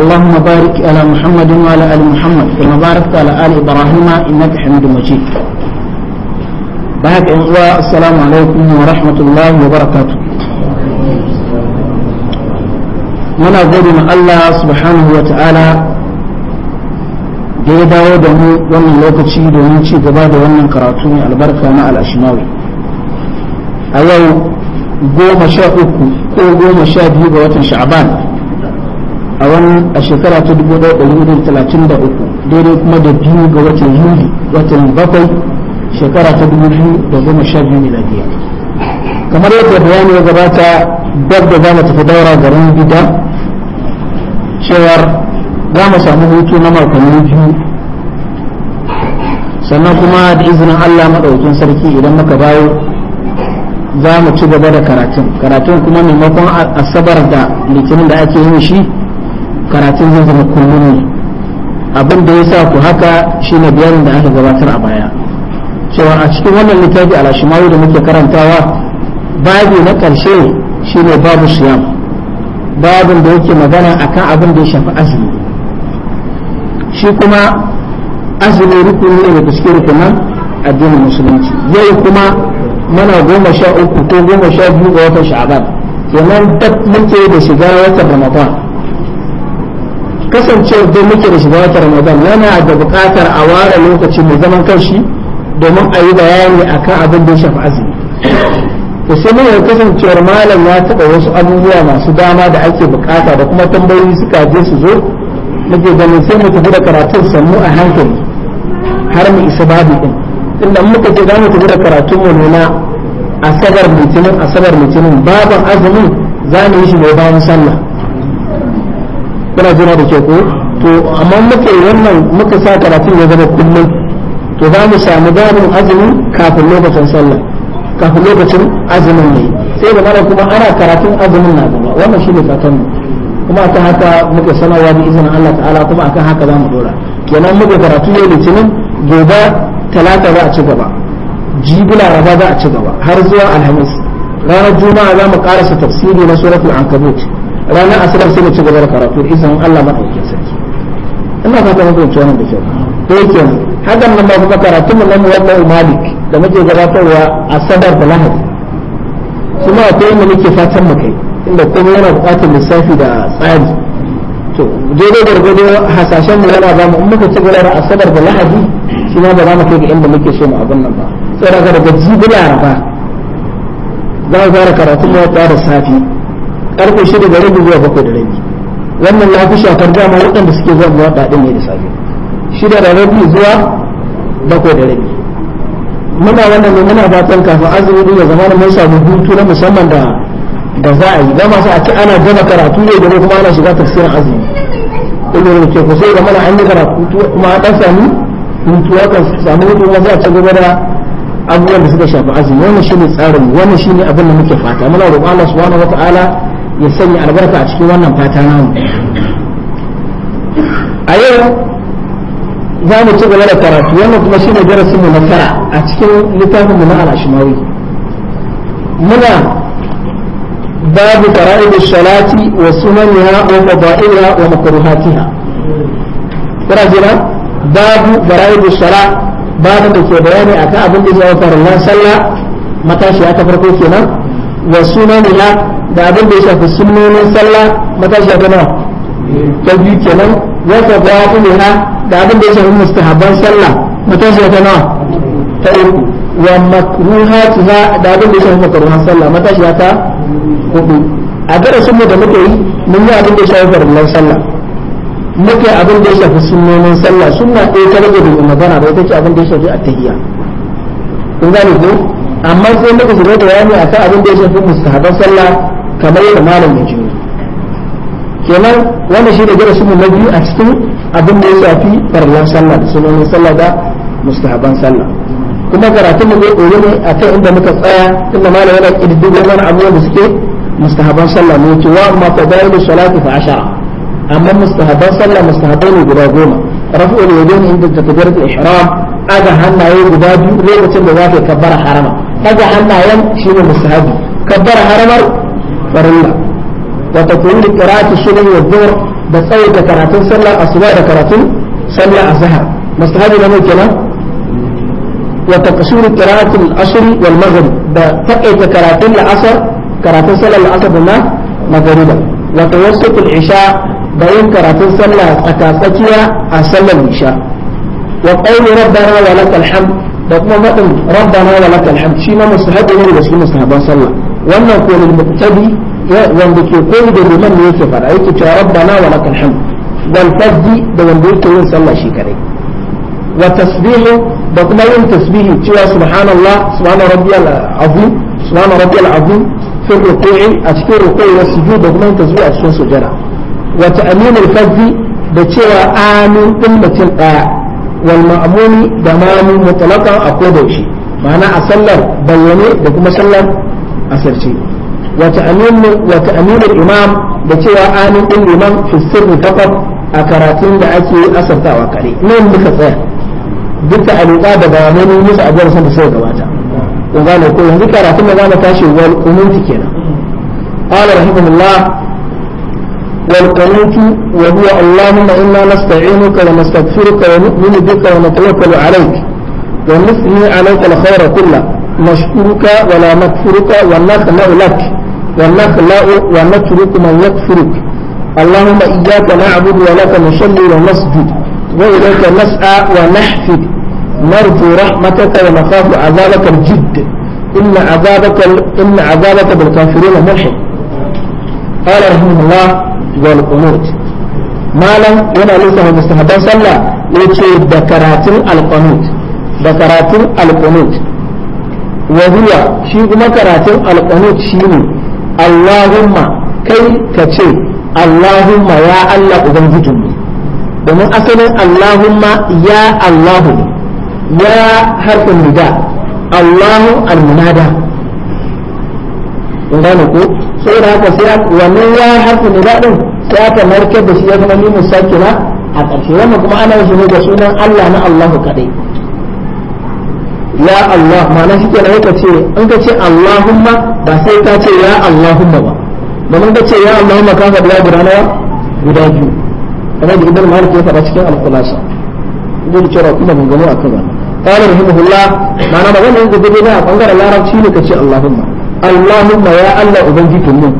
اللهم بارك على محمد وعلى آل محمد كما باركت على آل إبراهيم إنك حميد مجيد بارك السلام عليكم ورحمة الله وبركاته muna gode Allah subhanahu wa ta'ala da ya dawo da mu wannan lokaci domin ci gaba da wannan karatu mai albarka na al'ashimawi a yau goma sha uku ko goma sha biyu ga watan sha'aban a wani a shekara ta uku daidai kuma da biyu ga watan yuli watan bakwai shekara ta biyu miladiya kamar yadda bayani ya gabata dab da zamu tafi daura garin gida cewar za mu samu hutu na makonni biyu sannan kuma da izinin allah maɗaukin sarki idan muka dawo za mu ci gaba da karatun karatun kuma maimakon asabar da litinin da ake yin shi karatun zai zama kullum abin da ya sa ku haka shine bayanin da aka gabatar a baya cewa a cikin wannan littafi alashimawi da muke karantawa babu na ƙarshe ne babu siyam babin da yake magana akan abin da ya shafi azumi shi kuma azumi rukuni ne daga cikin rukunan addinin musulunci yau kuma mana goma sha uku ko goma sha biyu ga watan sha'aban kenan duk muke da shiga watan ramadan kasancewar da muke da shiga wata ramadan yana da buƙatar a ware lokaci mai zaman kanshi domin a yi bayani akan abin da ya shafi azumi to sai mun kasancewar malam ya taɓa wasu abubuwa masu dama da ake buƙata da kuma tambayoyi suka je su zo muke ganin sai mu tafi da karatun sannu a hankali har mu isa babu ɗin, inda muka ce za mu tafi da karatun mu ne na asabar litinin asabar litinin babin azumin za mu yi shi bayan sallah kuna jira da ke ko to amma muka wannan muka sa karatun ya zama kullum to za mu samu babin azumi kafin lokacin sallah kafin lokacin azumin ne sai da mana kuma ana karatun azumin na gaba wannan shi ne fatan mu kuma akan haka muka sanarwa da izinin Allah ta'ala kuma akan haka za mu dora kenan muka karatu yau litinin gobe talata za a ci gaba jibila raba za a ci gaba har zuwa alhamis ranar juma'a za mu karasa tafsiri na suratul ankabut ranar asabar sai mu ci gaba da karatu izinin Allah madaukakin sarki ina fata mun fahimci wannan da kyau ko yake hakan nan ba kuma karatu mu lamu wannan malik da muke gabatarwa sadar da lahadi kuma akwai yadda muke fatan mu kai inda kuma yana buƙatar lissafi da tsari to dole daidai gargado hasashen mu yana ba mu in muka ci gaba da asabar da lahadi shi ma ba za mu kai ga inda muke so mu abin nan ba sai daga daga jibi ba za mu fara karatu mu da safi karfe shida da rabi zuwa bakwai da rabi wannan ya fi shafar dama waɗanda suke zuwa zuwa ɗaɗin ne da safe shida da rabi zuwa bakwai da rabi muna wannan ne muna fatan kafin azumi ya zama mun samu hutu na musamman da da za a yi ba masu a ci ana gama karatu ne da kuma ana shiga tafsirin azumi ilimin ke kusa da mana an yi karatu kuma a ɗan sami hutu ya kan samu hutu kuma za a ci gaba da abubuwan da suka shafi azumi wannan shine tsarin wannan ne abin da muke fata muna roƙon Allah subhanahu ta'ala. ya sanya albarka a cikin wannan fata namu a yau za mu ci gaba da karatu wannan kuma shi ne darasin mu na tara a cikin littafin mu na al'ashimawi muna babu fara'id salati wa sunaniha wa fadailha wa makruhatiha kana jira babu fara'id salat babu da ke bayani akan abin da ya faru sallah matashi aka farko kenan wa sunaniha da abin da ya shafi sunnonin sallah matashiya ta nawa ta biyu kenan wa ha da abin da ya shafi mustahabban sallah matashiya ta nawa ta uku wa makruhatiha da abin da ya shafi makruhan sallah matashiya ta hudu a darasin mu da muke yi mun yi abin da ya shafi farillan sallah muke abin da ya shafi sunnonin sallah sunna ɗaya ta rage da magana ba ita ce abin da ya shafi In kun gane ko amma sai muka shiga bayani akan abin da ya shafi mustahaban sallah kamar yadda malam ya jiyo kenan wanda shi ne darasin mu na biyu a cikin abin da ya shafi farlan sallah da sunanin sallah da mustahaban sallah kuma karatun mu zai ɗore ne a kan inda muka tsaya inda malam yana ƙididdigo mana abubuwan da suke mustahaban sallah ne ce wa amma fadailu salatu fa ashara amma mustahaban sallah mustahabai ne guda goma rafu'ul yadayn inda takbiratul ihram aga hannaye guda biyu lokacin da zaka kabbara harama aga hannayen shine mustahabi kabbara haramar أكبر الله وتكون لقراءة السنن والظهر بصير كراة صلى الأصلاء كراة صلى الزهر مستهد لنا كلا وتقصير قراءة الأصل والمغرب بفقه كراة الأصر كراة صلى الأصر بنا مغربا وتوسط العشاء بين كراة صلى أكافتيا أصلى العشاء وقول ربنا ولك الحمد بقوم ربنا ولك الحمد شيما مستهد لنا وشيما مستهدان صلى الله wannan ko lil wanda ke koyi da liman ne yake fara yake cewa rabbana wa lakal hamd wal fazzi da wanda yake yin sallah shi kadai wa tasbihu da kuma yin tasbihi cewa subhanallah subhana rabbiyal azim subhana rabbiyal azim fi ruku'i a cikin ruku'i wa sujud da kuma yin tasbihi a cikin sujada wa ta'min al da cewa amin din mutum daya wal ma'muni da mamu mutlaqan a kodayaushe ma'ana a sallar bayyane da kuma sallar asirce wata ta'aminu imam da cewa amin din liman fi sirri a karatun da ake asartawa kare nan muka tsaya duk da alƙa da bayanai musu abuwar san da suka gabata kun ko yanzu karatun da zamu tashi wal qunuti kenan qala rahimahullah wal qunuti wa huwa allahumma inna nasta'inuka wa nastaghfiruka wa nu'minu bika wa natawakkalu alayk wa nusni alayka al-khayra kullahu نشكرك ولا نكفرك ونخلع لك ونخلع ونترك من يكفرك اللهم إياك نعبد ولك نصلي ونسجد وإليك نسعى ونحفد نرجو رحمتك ونخاف عذابك الجد إن عذابك ال... إن عذابك بالكافرين ملحق قال رحمه الله والقنوت ما لم ينا ليس هو مستحبا صلى يتشير بكرات القنوت بكرات القنوت wa huwa shi kuma karatun alqanut shine Allahumma kai ka ce Allahumma ya Allah ubangijinmu domin asalin Allahumma ya Allahu ya harfin nida Allahu almunada gane ko saboda haka sai wannan ya harfin nida din sai aka narkar da shi ya zama mimin sakina a kuma shi ne da sunan Allah na Allahu kadai ya Allah ma'ana shi kenan ka ce in ka ce Allahumma ba sai ka ce ya Allahumma ba domin ka ce ya Allahumma ka faɗi guda nawa? guda biyu kamar da ibn Malik ya faɗa cikin al-Khulasa ibn Jara kuma mun gano akan wannan قال رحمه الله معنى ما قال ينزل بنا قال لا رب شيء لك اللهم اللهم يا الله أبنجيك من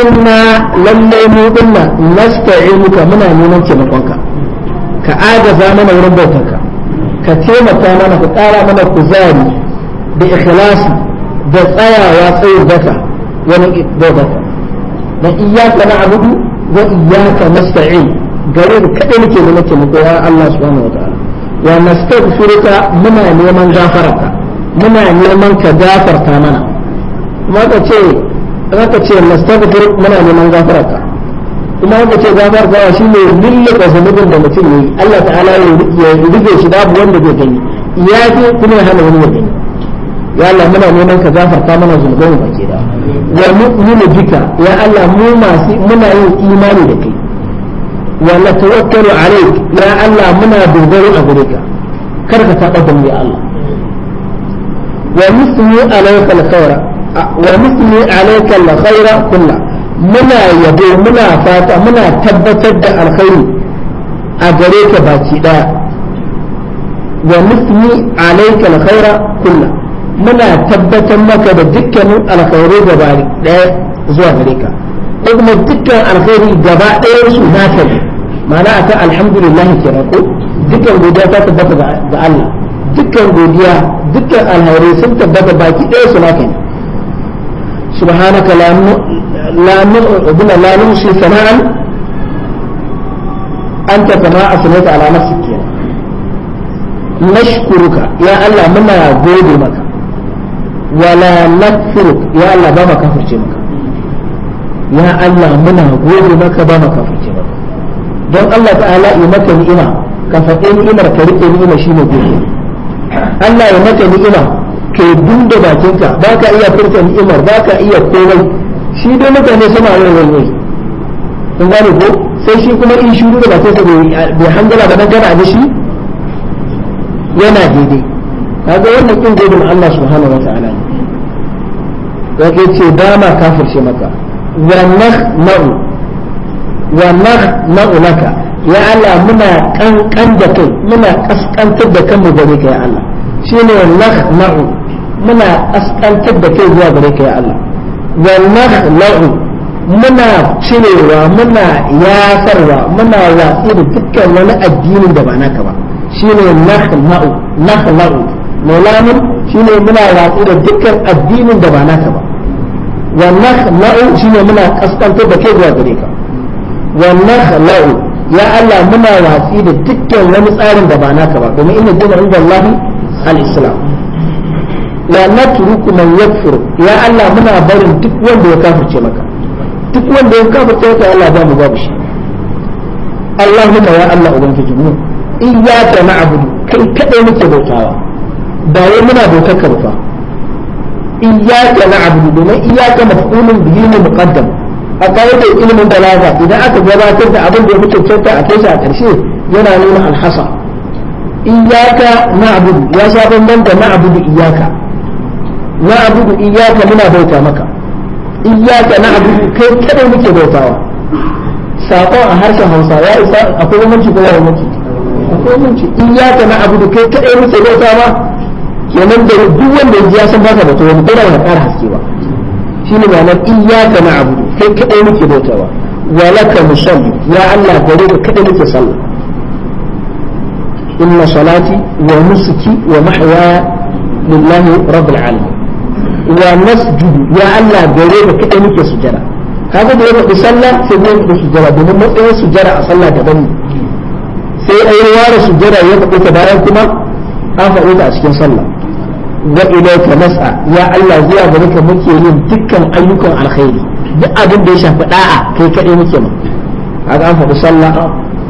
إنا لم نمودنا نستعينك منا نمك مقوك كآجة زامنا وربوتك ka taimaka mana ka ƙara mana kuzari da ikhlasi da tsayawa tsayin daka wani dogata da iyaka na abudu wa iyaka nasta'in gare da kaɗai nake neman taimako ya Allah subhanahu wa ta'ala wa nastaghfiruka muna neman gafararka muna neman ka gafarta mana kuma ka ce ka ce nastaghfir muna neman gafararka kuma wanda ce gafar fara shi ne lullaka zunubin da mutum ne Allah ta'ala ya rufe shi babu wanda zai gani ya fi kuma ya hana wani ya gani ya Allah muna neman ka gafarta mana zunubai mu baki da wa mu'minu bika ya Allah mu masu muna yin imani da kai wa la tawakkalu alayk ya Allah muna dogaro a gare ka kar ka taba da mu ya Allah wa muslimu alayka al-khayra wa muslimu alayka al-khayra kullahu muna yabo muna fata muna tabbatar da alkhairi a gare ka baki daya wa nusni alayka alkhaira kullu muna tabbatar maka da dukkanin alkhairai gaba daya zuwa gare ka ko kuma dukkan alkhairi gaba daya su naka ne ma'ana aka alhamdulillah kenan ko dukkan godiya ta tabbata ga Allah dukkan godiya dukkan alkhairai sun tabbata baki daya su naka ne subhanaka la لا نقبل لا نمشي ثناء أنت كما أثنيت على نفسك نشكرك يا الله منا غودي مكا ya Allah ba الله بما maka ya Allah muna منا maka ba بما كفر maka don Allah ta'ala yi maka ni'ima ka faɗi ni'imar ka rike ni'ima shine gobe Allah ya maka ni'ima ka dunda bakinka ba ka iya furta ni'imar ba ka iya komai shi dai mutane sama a yau zai kun gane ko sai shi kuma in shiru da ba bakin sa bai hangala ba dan da shi yana daidai kaga wannan kin daidai Allah subhanahu wataala ne yake ce ba ma kafirce maka wa nahma'u wa nahma'u laka ya Allah muna kankan da kai muna kaskantar da kanmu gare ka ya Allah shine wa nahma'u muna kaskantar da kai zuwa gare ka ya Allah ونخلق muna cirewa muna yasarwa muna watsi da dukkan wani addinin da ba naka ba shine nakhla'u nakhla'u mulamin shine muna watsi da dukkan addinin da ba naka ba wa shi ne muna kaskantar da kai zuwa gare ka wa nakhla'u ya Allah muna watsi da dukkan wani tsarin da ba naka ba domin inna dinu inda Allah al-islam wa natruku man yakfur ya Allah muna barin duk wanda ya kafirce maka duk wanda ya kafirce maka Allah ba mu babu shi Allahumma ya Allah ubangiji mu iyyaka na'budu kai kadai muke bautawa ba wai muna bautar ka ba iyyaka na'budu domin iyyaka maf'ulun bihi ne muqaddam a kawai ilimin balaga idan aka gabatar da abin da ya muke kyauta a kai shi a ƙarshe yana nuna alhasa iyyaka na'budu ya sha bamban da na'budu iyyaka na abudu iyaka muna bauta maka iyaka na abudu kai kadai muke bautawa sakon a harshen hausa ya isa akwai bambanci ko ya bambanci akwai bambanci iyaka na abudu kai kadai muke bautawa kenan da duk wanda ya san baka bauta wani ko da wani ƙara haske ba shine ma'anar iyaka na abudu kai kadai muke bautawa walaka musalli ya Allah gare ka kadai muke sallah inna salati wa nusuki wa mahyaya lillahi rabbil alamin wa nasjudu ya Allah gare ka kadai muke sujada kaga da ya faɗi sallah sai ya yi sujada domin matsayin sujada a sallah daban ne sai ya yi ware sujada ya faɗi ta bayan kuma an faɗi ta a cikin sallah wa ilayka nas'a ya Allah zuwa gare ka muke yin dukkan ayyukan alkhairi duk abin da ya shafi da'a kai kadai muke ma kaga an faɗi sallah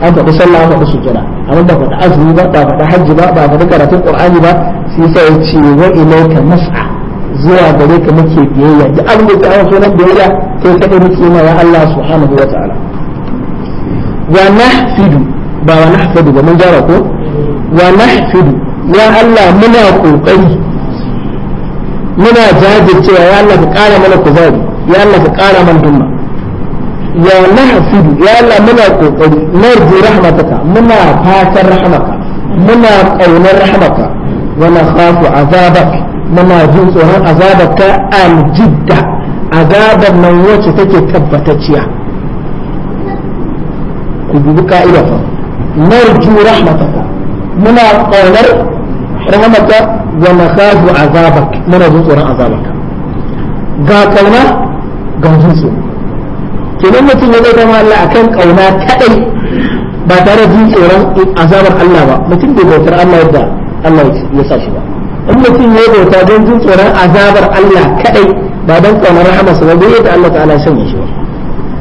an faɗi sallah an faɗi sujada amma ba faɗi azumi ba ba faɗi hajji ba ba faɗi karatun qur'ani ba sai sai ya ce wa ilayka mas'a. zuwa gare ka muke biyayya da abin da ke awon sunan biyayya kai kaɗai muke ma ya Allah subhanahu wa ta'ala wa nahfidu ba wa nahfidu ba mun jara ko wa nahfidu ya Allah muna kokari muna jajircewa ya Allah ka kara mana kuzari ya Allah ka kara mana dumma ya nahfidu ya Allah muna kokari narji rahmataka muna fatan rahmataka muna kaunar rahmataka ونخاف عذابك مما جنس وهن عذابك الجدة عذابا من وجهتك تبتتشيا كبوبك إلى نرجو رحمتك منا قولر رحمتك ونخاف عذابك منا جنس عذابك ga kauna ga jinsu kenan mutum ya zai zama kauna ba tare da jin tsoron azabar Allah ba mutum bai bautar Allah yadda Allah ya sa shi ba in mutum ya bauta don jin tsoron azabar Allah kadai ba don kaunar rahama sa ba zai yadda Allah ta'ala son shi ba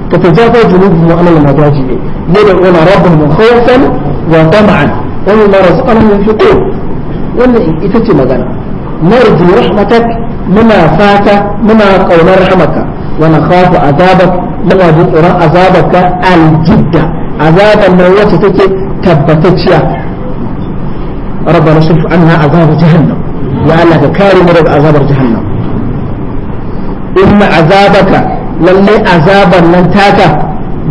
ka tajafa junubu mu amal madaji ne yadda ona rabbuhum khawfan wa tam'an wa mimma razaqnahum yunfiqun wannan ita ce magana narju rahmatak muna fata muna kaunar rahmaka wa nakhafu azabak muna jin tsoron azabaka aljidda azaban nan wacce take tabbatacciya ربنا صرف عنا عذاب جهنم يا الله كارم رب عذاب جهنم إن عذابك للي عذابا لن تاكا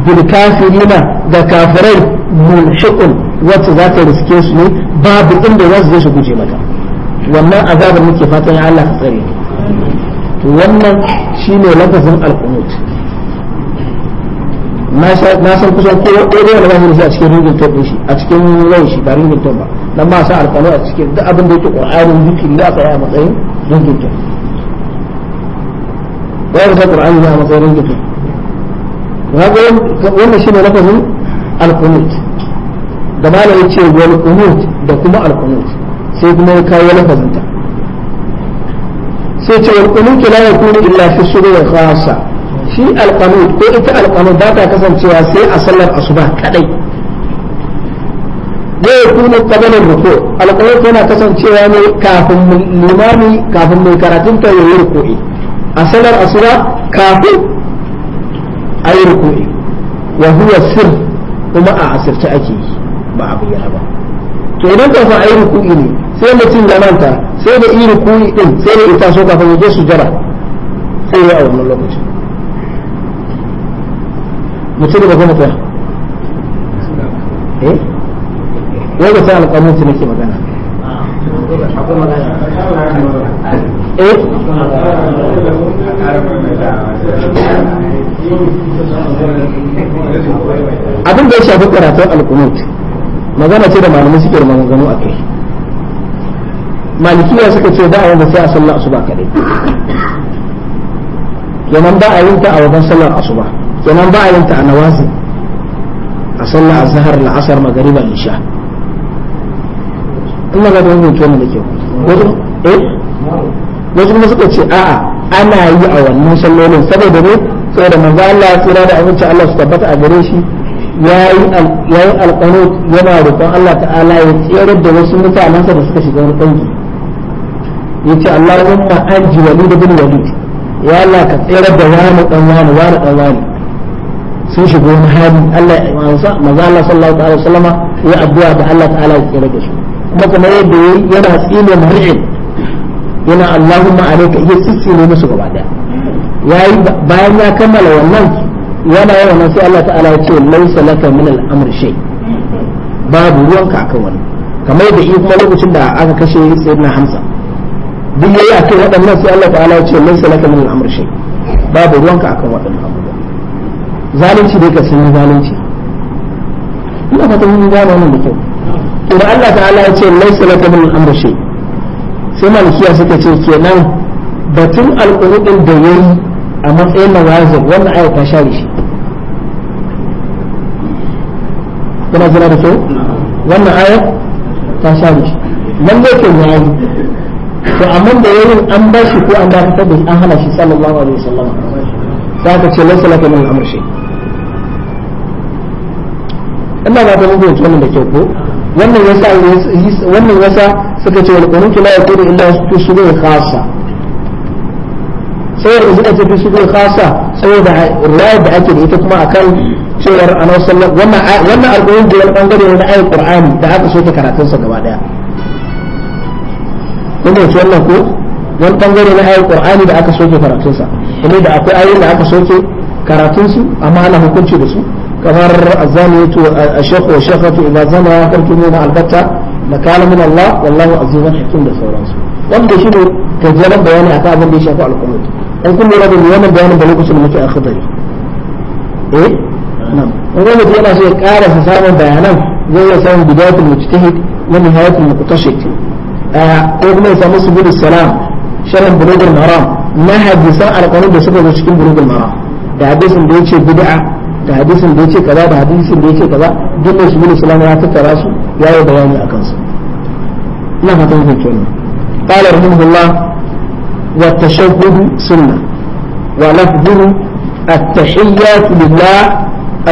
بالكافرين دا كافرين ملحق وتذات رسكيس لي باب إن وزيش بجيبك وما عذاب المكفاتين يا الله كارم wannan shi ne lafazin alkunut na san kusan kowa ɗaya da zai a cikin rigin tabin shi a cikin wayan shi ba rigin ba nan ma sa alƙalu a cikin duk abin da yake ƙur'anin zikiri za a tsaya a matsayin ringita ba ya ta na a matsayin ringita wannan shi ne lafazin alkunut da malam ya ce wal kunut da kuma alkunut sai kuma ya kawo lafazinta sai ce wal kunut la yakunu illa fi sururin khassa shi alkunut ko ita alkunut ba ta kasancewa sai a sallar asuba kadai ne ya kuna kabalar ruku alƙawar yana kasancewa ne kafin limami kafin mai karatun ta yi rukuri a salar asuba kafin a yi rukuri wa huwa sir kuma a asirce ake yi ba a bayyana ba to idan kafin a yi rukuri ne sai mutum ya manta sai da yi rukuri din sai da ita so kafin ya je su jara sai ya a wannan lokacin mutum da ba kuma ta eh wai da sai alƙanuti nake magana eh abin da ya shafi karatun alkunut magana ce da malamai suke da maganganu a kai malikiya suka ce da'awar da sai a sallar asuba kadai kenan ba a yin ta a wajen sallar asuba kenan ba a yin ta a nawazi a sallar azhar la'asar magariba isha Allah ga wani mutum da kyau wasu eh wasu kuma suka ce a'a ana yi a wannan sallolin saboda ne saboda manzo Allah tsira da abinci Allah su tabbata a gare shi yayi yayi alqanut yana roƙon Allah ta'ala ya tsira da wasu mutanensa da suka shiga wani dangi yace aji anji da bin walid ya Allah ka tsayar da wani dan wani wani dan wani sun shigo wani hali Allah manzo Allah sallallahu alaihi wasallama ya addu'a da Allah ta'ala ya tsira da shi kuma kuma yadda yayi yana tsine mar'in yana Allahumma alayka ya tsitsine musu gaba daya yayi bayan ya kammala wannan yana yawan nan sai Allah ta'ala ya ce laysa laka min al'amur shai. babu ruwanka akan wannan kamar da yi kuma lokacin da aka kashe sayyidina Hamsa. duk yayi akan waɗannan sai Allah ta'ala ya ce laysa laka min al'amur shai. babu ruwanka akan waɗannan abubuwa zalunci dai ka sun zalunci ina fatan mun gane wannan da kyau idan Allah ta'ala ya ce laisa laka min al-amr shay sai malikiya suka ce kenan batun alqurudin da yayi a matsayin nawazin wannan ayat ta share shi kuna jira da kyau wannan ayat ta share shi lalle ke yayi to amma da yayin an ba shi ko an ba ta da an hana shi sallallahu alaihi wasallam sai ka ce laisa laka min al-amr shay Allah ba ta mutunta wannan da kyau ko wannan yasa wannan yasa suka ce wal qunutu la yakunu illa fi sudur khassa sai da zai tafi sudur khassa saboda riwayar da ake da ita kuma akan cewar annabi sallallahu wannan wannan alquran da wani bangare na ayat qur'ani da aka soke karatun sa gaba daya kun ga wannan ko wani bangare na ayat qur'ani da aka soke karatun sa kuma da akwai ayoyin da aka soke karatun su amma ana hukunci da su كمر الزاني تو الشيخ والشيخة إذا زنى كنت من البتة مكان من الله والله عزيز حكيم بسورة وانت شنو تجلى بيان أعتاب اللي شافوا على القمود أن كل رب اليوم بيان بلوك سلمة في إيه؟ نعم وانا بيانا شيء قال سسابا بيانا زي يسابا بداية المجتهد ونهاية المقتشد أقول آه ما سبيل السلام شرع بلوغ المرام ما حد على القانون بسبب مشكل بلوغ المرام بعد اسم بيتش البدعة da hadisin da ya ce kaza da hadisin da ya ce kaza duk mai shugul islam ya tattara su ya yi bayani a kansu ina fatan kun ne qala rahimahullah wa tashahhud sunna wa lafdhu at-tahiyyat lillah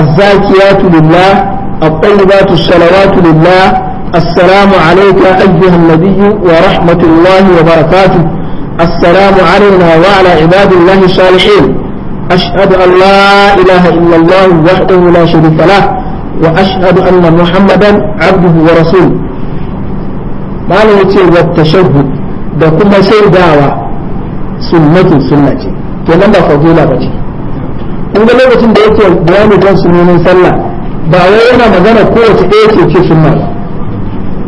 الزاكيات لله الطيبات الصلوات لله السلام عليك أيها النبي ورحمة الله وبركاته السلام علينا وعلى عباد الله الصالحين أشهد أن لا إله إلا الله وحده لا شريك له وأشهد أن محمدا عبده ورسوله ما لا والتشهد da kuma shaidawa sunnatin sunna ce kenan ba fadila ba ce in ga lokacin da yake bayani kan sunonin sallah ba wai yana magana kowace ɗaya ce ce sunna ba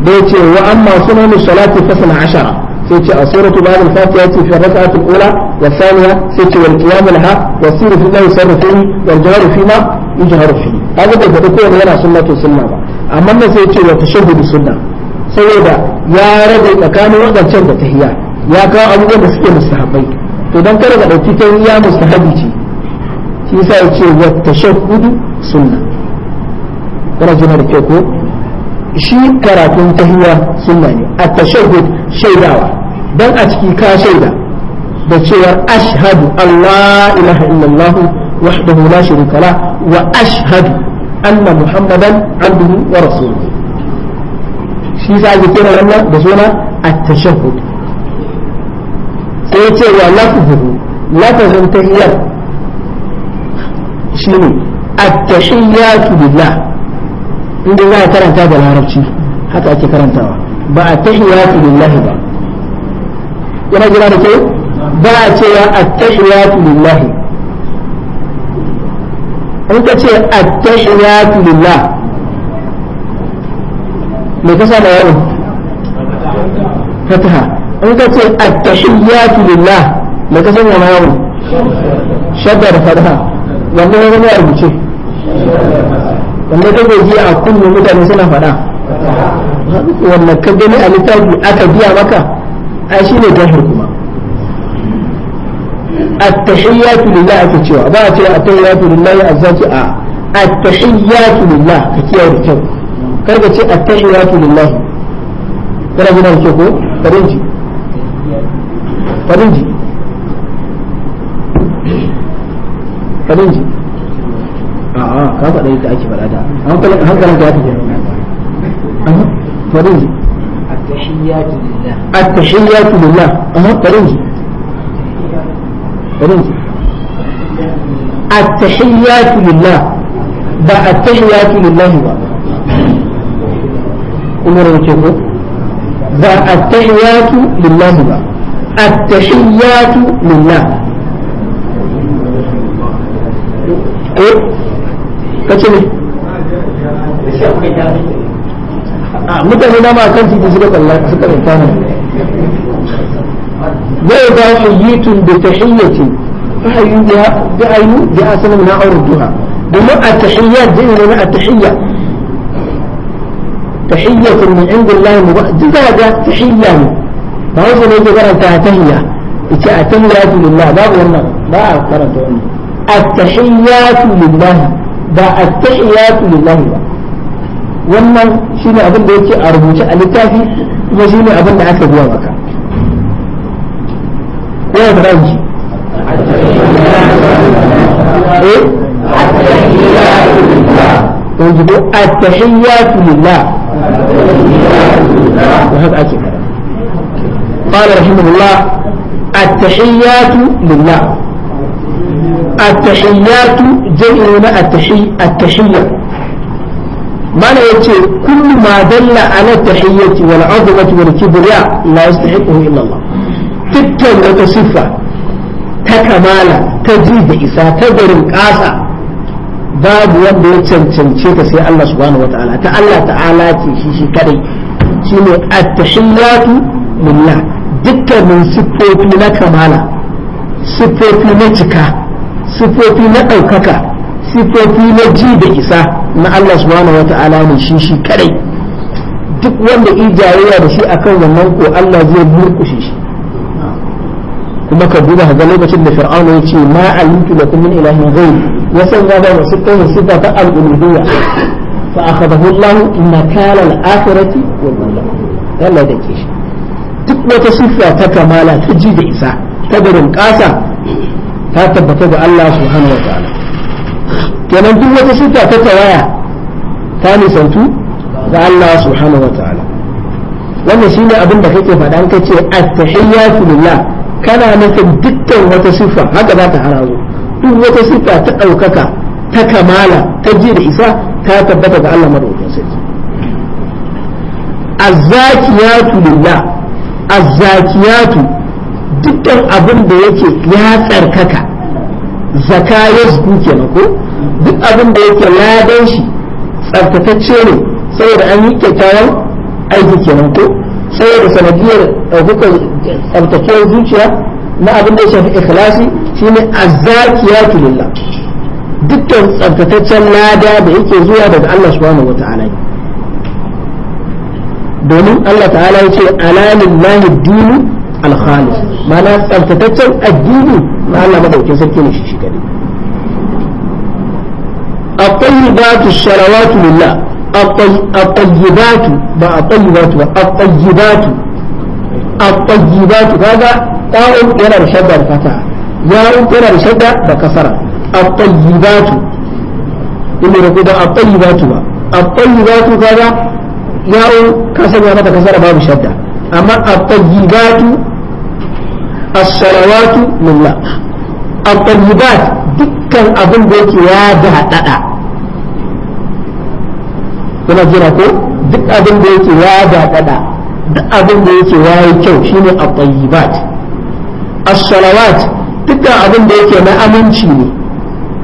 da yace wa amma sunanu salati fasal ashara سيتي الصورة بعد الفاتحة في الركعة الأولى والثانية سيتي والقيام لها والسير في الله يسر فيه والجهر فيما يجهر فيه هذا بيبقى كل غير سنة سنة أما ما سيتي والتشهد سنة saboda ya rage tsakanin waɗancan da tahiyya ya kawo abubuwan da suke mustahabbai to don kada ka ɗauki tahiyya mustahabi ce shi ya ce shi karatun tahiyya sunna ne a tashahud shaidawa dan a ciki ka shaida da cewar ashhadu Allah ilaha illallah wahdahu la sharika la wa ashhadu anna muhammadan abduhu wa rasuluhu shi sa ake kira wannan da suna at-tashahhud sai ce wa lafzuhu lafzun tahiyyar shine at-tahiyyatu billah inda za a karanta da larabci haka ake karantawa ba a tahiyyatu lillahi ba yana jira da ke ba a cewa ya tahiyatu lillahi in ka ce ya fi lillah me kasa da yawon fataha in ka ce ya fi lillah me kasa da yawon shadda da fataha wanda ya zama a rubuce wanda ta ji a kullum mutane suna faɗa wanda ka gani a littafi aka biya maka ai shine tahir kuma at-tahiyyatu lillah ake cewa ba a cewa at-tahiyyatu lillahi azzaki a at-tahiyyatu lillah ka kiyaye da kyau kar ka ce at-tahiyyatu lillahi kana gina ke ko farinji? Farinji? Farinji? a'a ka faɗa yadda ake faɗa da hankalin ka ya tafi farin farinji. التحيات لله التحيات لله أها برنجي برنجي التحيات لله ده التحيات لله بقى قلوا رجعوا ده التحيات لله بقى التحيات لله ايه كتبه mutane na ma kan titi suka kalla suka rinta ne zai ga hayyitun bi tahiyyati fahayyu bi ayyu bi asana min awruduha domin at-tahiyyat din ne na at-tahiyya tahiyyatun min indillahi mubarak duka ga tahiyya ne ba wasu ne ke karanta tahiyya ita at-tahiyyatu lillah babu wannan ba a karanta wannan at-tahiyyatu lillah ba at-tahiyyatu lillah ba wannan shine abin da yake a rubuce a littafi kuma shine abin da aka biya maka ko ya fara ji eh ko at-tahiyyatu lillah haka ake قال رحمه الله التحيات لله التحيات جمع التحي التحيه mana ya ce kullu ma dalla ala tahiyyati wal azamati wal kibriya la yastahiqu illa Allah dukkan wata siffa ta kamala ta ji da isa ta garin kasa babu wanda ya cancance ta sai Allah subhanahu wataala ta Allah ta'ala ce shi shi kadai shine at-tahiyyatu lillah dukkanin siffofi na kamala siffofi na cika siffofi na ɗaukaka sifofi na ji da isa na Allah subhanahu wa ta'ala ne shi shi kadai duk wanda ijayayya da shi akan wannan ko Allah zai murkushe shi kuma ka duba ga lokacin da fir'auna ya ce ma alimtu lakum min ilahin ghayr ya sanya da wasu kai sifa ta al-uluhiyya fa akhadahu Allah nakala al-akhirati wal Allah da ke shi duk wata sifa ta kamala ta ji da isa ta garin kasa ta tabbata ga Allah subhanahu wa ta'ala kenan duk wata sifa ta tawaya ta nisantu ga Allah subhanahu wataala wannan shine abin da kake faɗa ka ce at-tahiyyatu lillah kana nufin dukkan wata siffa haka za ta harazo duk wata siffa ta ɗaukaka ta kamala ta ji da isa ta tabbata ga Allah madaukakin sarki az lillah az dukkan abin da yake ya tsarkaka zaka ya kenan ko duk abin da yake ladan shi tsarkakacce ne saboda an yi kyakkyawan aiki kenan ko saboda sanadiyar ɗaukaka tsarkakewar zuciya na abin da ya shafi ikhlasi shine azzakiyatu lillah dukkan tsarkakaccen lada da yake zuwa daga Allah subhanahu wataala domin Allah ta'ala ya ce ala lillahi dinu al-khalis ma'ana tsarkakaccen addini na Allah madaukin sarki ne shi shi kadai الطيبات الصلوات لله الطيبات ما الطيبات الطيبات الطيبات هذا تاء إلى رشدة الفتاة ياء إلى رشدة بكسرة الطيبات إن نقول الطيبات ما الطيبات هذا ياء كسر ياء بكسرة ما بشدة أما الطيبات الصلوات لله الطيبات دك dukkan abin da yake ya ji haɗaɗa kuna jira ko duk abin da yake ya ji haɗaɗa duk abin da yake ya yi kyau shine at-tayyibat as-salawat dukkan abin da yake na aminci ne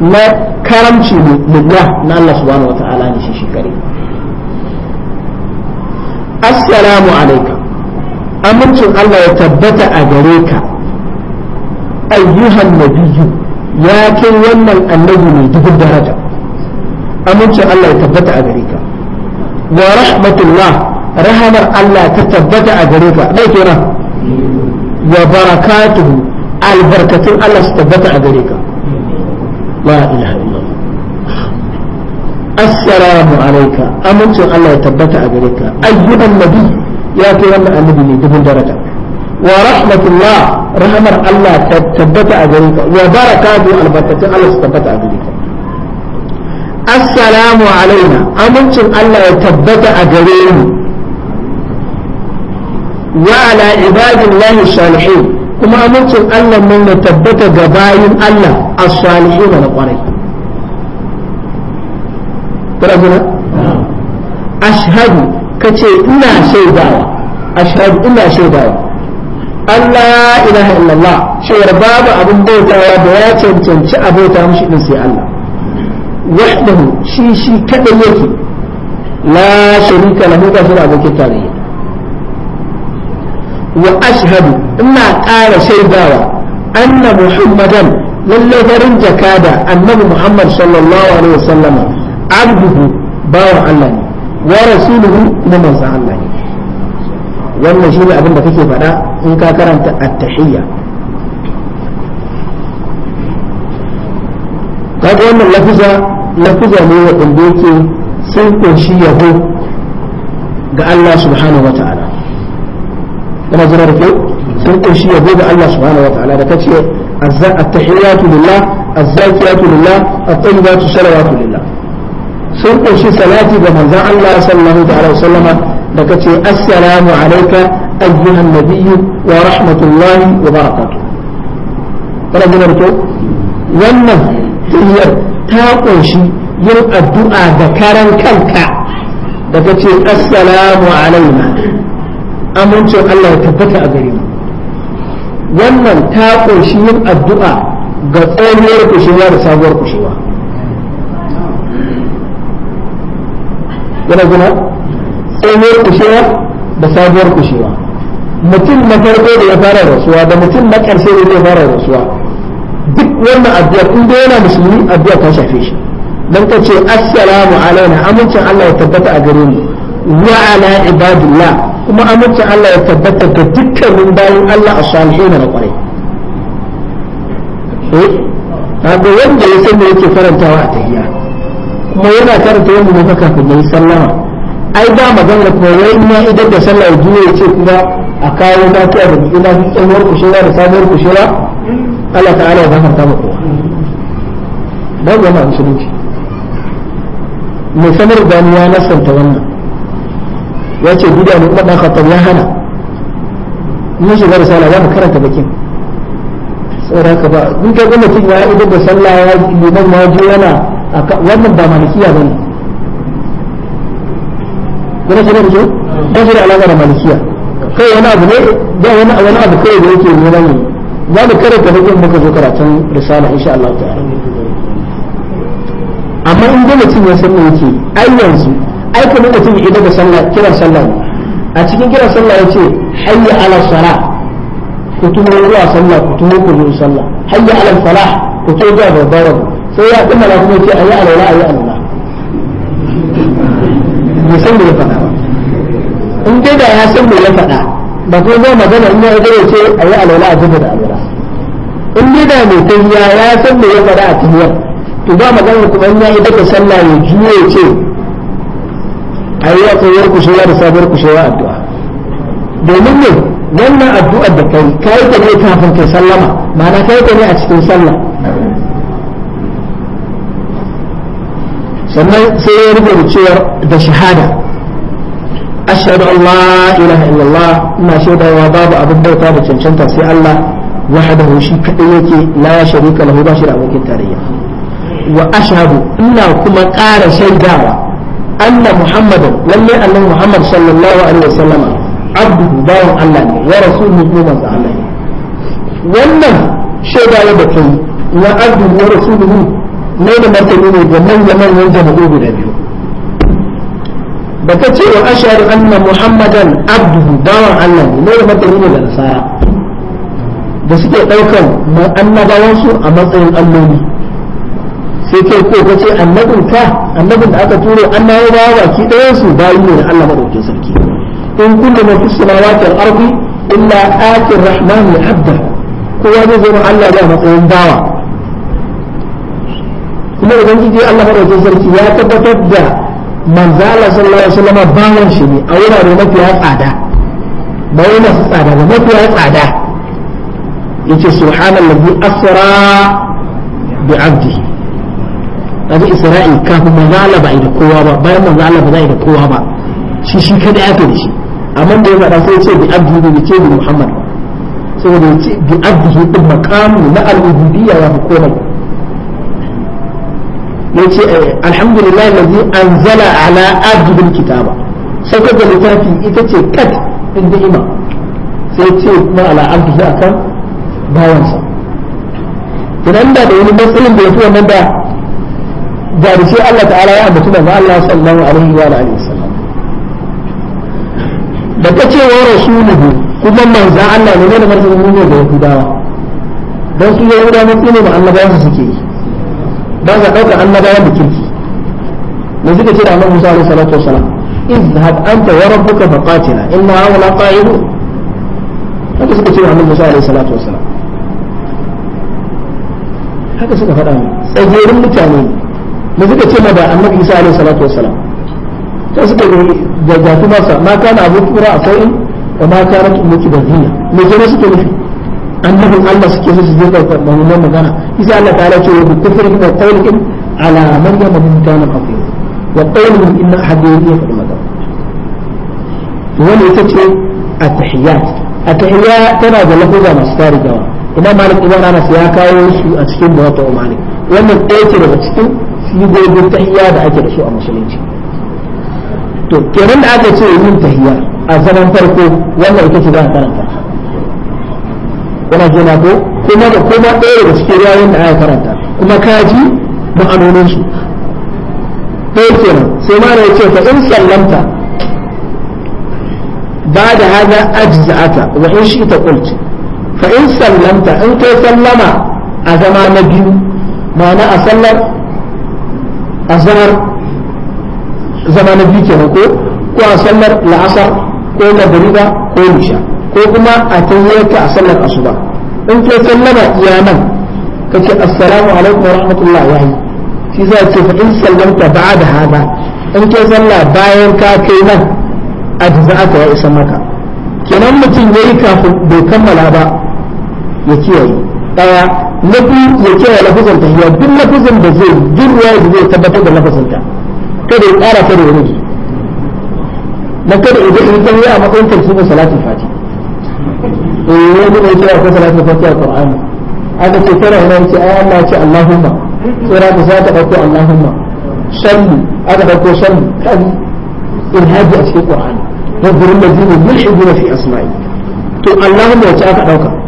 na karamci ne lilla na Allah subhanahu wataala ne shi shi kare assalamu alayka amincin Allah ya tabbata a gare ka ayyuhan nabiyyu ya kai wannan annabi mai dubin daraja amincin Allah ya tabbata a gare ka wa rahmatullah rahamar Allah ta tabbata a gare ka dai kenan wa barakatuhu albarkatun Allah su tabbata a gare ka la ilaha illallah assalamu alayka amincin Allah ya tabbata a gare ka ayyuhan nabi ya kai wannan annabi mai dubin daraja ورحمة الله رحمة الله تبت أجريك وبركاته البركة الله تبت أجريك السلام علينا أمنتم الله يتبت أجريني وعلى عباد الله الصالحين كما أمنتم الله من يتبت جباين الله الصالحين لقريب ترى أشهد كتير إنا شيداوة أشهد إنا شيداوة أن لا إله إلا الله شو رباب أبو بيتا ويا تنتن شيء أبو بيتا مش إبن سي الله وحده شيء شيء كدليك لا شريك له كفر أبو كتابي وأشهد إما قال شيء داوى أن محمدا لله فرن جكادا أنه محمد صلى الله عليه وسلم عبده باوى الله ورسوله نمز الله وأن شيء أبو بيتا in ka karanta at-tahiyya kaga wannan lafiza lafiza ne wanda yake sun kunshi yabo ga Allah subhanahu wa ta'ala kana jira da kyau sun kunshi yabo ga Allah subhanahu wa ta'ala da kace at-tahiyyatu lillah az-zakiyatu lillah at-tayyibatu salawatu lillah sun kunshi salati ga manzon Allah sallallahu ta'ala wasallama da kace assalamu alayka ayyuhan nabiyyu ورحمة الله وبركاته kana gina da wannan hanyar ta kunshi yin addu'a da karankanka kanka da ka ce assalamu alaina amincin Allah ya tabbata a gare wannan ta kunshi yin addu'a ga tsohuwar kushewa da sabuwar kushewa yana da sabuwar mutum na farko da ya fara rasuwa da mutum na ƙarshe da ya fara rasuwa duk wannan addu'a in dai yana musulmi addu'a ta shafe shi dan ka ce assalamu alaina amincin Allah ya tabbata a gare mu wa ala ibadillah kuma amincin Allah ya tabbata ga dukkanin bayan Allah a salihin na kwarai eh haka wanda ya san me yake karantawa a tahiyya kuma yana karanta wanda ne kafin yayi sallama ai ba magana ko wai ma idan da sallah ya ce kuma a kawo lafiya da jiki lafi tsanuwar kushera da sabuwar kushera Allah ta'ala ya zafarta ma kowa don zama a musulunci mai samar da ya nasanta wannan ya ce bida ne kuma ɗan khattab ya hana Mun shiga risala za mu karanta bakin saboda haka ba in kai kuma cikin ya idan da sallah ya liman ya ji yana wannan ba malikiya bane gina shi ne da ke ba shi da alaƙa da malikiya kai wani abu ne ba wani wani abu kai da yake neman ne za mu kare ta hujjar muka zo karatun risala insha Allah ta'ala amma in dai mutum ya san me yake ai yanzu ai kamar mutum ya idan da sallah kiran sallah a cikin kiran sallah yace hayya ala sala ku tuno zuwa sallah ku tuno ku zuwa sallah hayya ala falah ku tuno zuwa babbar sai ya kuma la kuma yace ayya ala la ayya ala ya san da ya faɗa da ya san me ya faɗa ba ko zai magana in ya gare ce a yi alwala a zuba da alwala in dai da mai tahiya ya san me ya faɗa a tahiyar to ba magana kuma in ya yi daga sallah ya juye ya ce a yi a kushewa da sabuwar kushewa addu'a domin ne wannan addu'ar da kai kai ta ne kafin kai sallama ma'ana kai ta ne a cikin sallah sannan sai ya rubuta cewa da shahada ashhadu an la ilaha illallah ina shaidawa babu abin bauta da cancanta sai Allah wahdahu haushi kadai yake la sharika lahu ba shi da abokin tarayya wa ina kuma ƙara shaidawa anna muhammadan lalle annabi muhammad sallallahu alaihi wasallam abduhu bawan Allah ne wa rasuluhu Allah ne wannan shaidawa da kai wa martani ne da manyan manyan jama'u guda biyu ba ka ce wa ashari anna muhammadan abduhu bawan allah ne ne da madani da nasara da suke ɗaukan annabawansu a matsayin alloli sai kai ko ka ce annabin ka annabin da aka turo annabawa baki ɗayan su bayi ne da allah madaukin sarki in kullu ma fi samawati al-ardi illa ati rahman abda kowa zai zama allah ya matsayin bawa kuma ubangiji allah madaukin sarki ya tabbatar da manzala sallallahu alaihi wasallam bawon shi ne a wurare mafiya tsada ba wai masu tsada ba mafiya tsada yace subhanallahi asra bi abdihi kaga isra'i kafin manzala ba da kowa ba bayan manzala ba zai da kowa ba shi shi kada ya da shi amma da ya faɗa sai ce bi abdihi ne ce bi muhammad saboda ya ce bi abdihi din maqamu na al-ubudiyya ya fi komai yace eh, alhamdulillah allazi anzala ala abdil kitaba saukar da littafi ita ce kat din ima sai ce kuma ala abdihi akan bawansa idan da da wani matsayin da yafi wannan da da sai Allah ta'ala ya ambatu da Allah sallallahu alaihi wa alihi wasallam da ta ce wa rasuluhu kuma manzan Allah ne da martanin ne da dawa dan su yahudawa ne ma annabawa suke yi ba za na annabawan da kirki da suka ce da annabi Musa alaihi salatu wasalam izhab anta wa rabbuka faqatila inna haula qa'idun haka suka ce da annabi Musa alaihi salatu wasalam haka suka faɗa mu tsagerin mutane ne da suka ce ma da annabi musa alaihi salatu wasalam sai suka yi da jafi masa ma kana abu kura a sau'in wa ma kana mutu da zina me kenan suke nufi annabin Allah suke su je da mummunan magana isa Allah ta'ala ce wa kufrin wa qawlin ala manya yama min kana hafiz wa qawlin inna hadiyya fa madar wani ita ce at-tahiyat at-tahiyya tana da lafuza masu tarigawa ina malik ibn anas ya kawo su a cikin da wata umani wannan ɗaya ce daga cikin sigogin tahiyya da ake da su a musulunci to kenan da aka ce yin tahiyya a zaman farko wannan ita ce za karanta kuna so ko kuma da kuma ɗaya da cikin ruwayoyin da aka karanta kuma kaji ma'anonin su ɗaya kenan sai ma ya ce fa in sallamta ba da hada ajza'ata wa in shi ta qult fa in sallamta in kai sallama a zama na biyu ma'ana a sallar a zama na biyu kenan ko ko a sallar la'asar ko na magariba ko nisha ko kuma a tahiyyarka a sallar asuba in ke sallama iya nan ka ce assalamu alaikum wa rahmatullah ya yi shi za ce fa in sallamta ba da hada in ke sallah bayan ka kai nan a da aka ya isa maka kenan mutum ya yi kafin bai kammala ba ya kiyaye daya na ya kiyaye lafazin tahiyya duk lafazin da zai duk ruwa da zai tabbatar da lafazin ta kada ya kara kada ya rage na kada idan in ta yi a matsayin tarkibin salatin fati eh ne aka ce tara ne ce ai Allah ce Allahumma tsira da za dauko Allahumma shalli aka dauko shalli kan irhaji a cikin qur'ani da gurin da zai fi asma'i to Allahumma ce aka dauka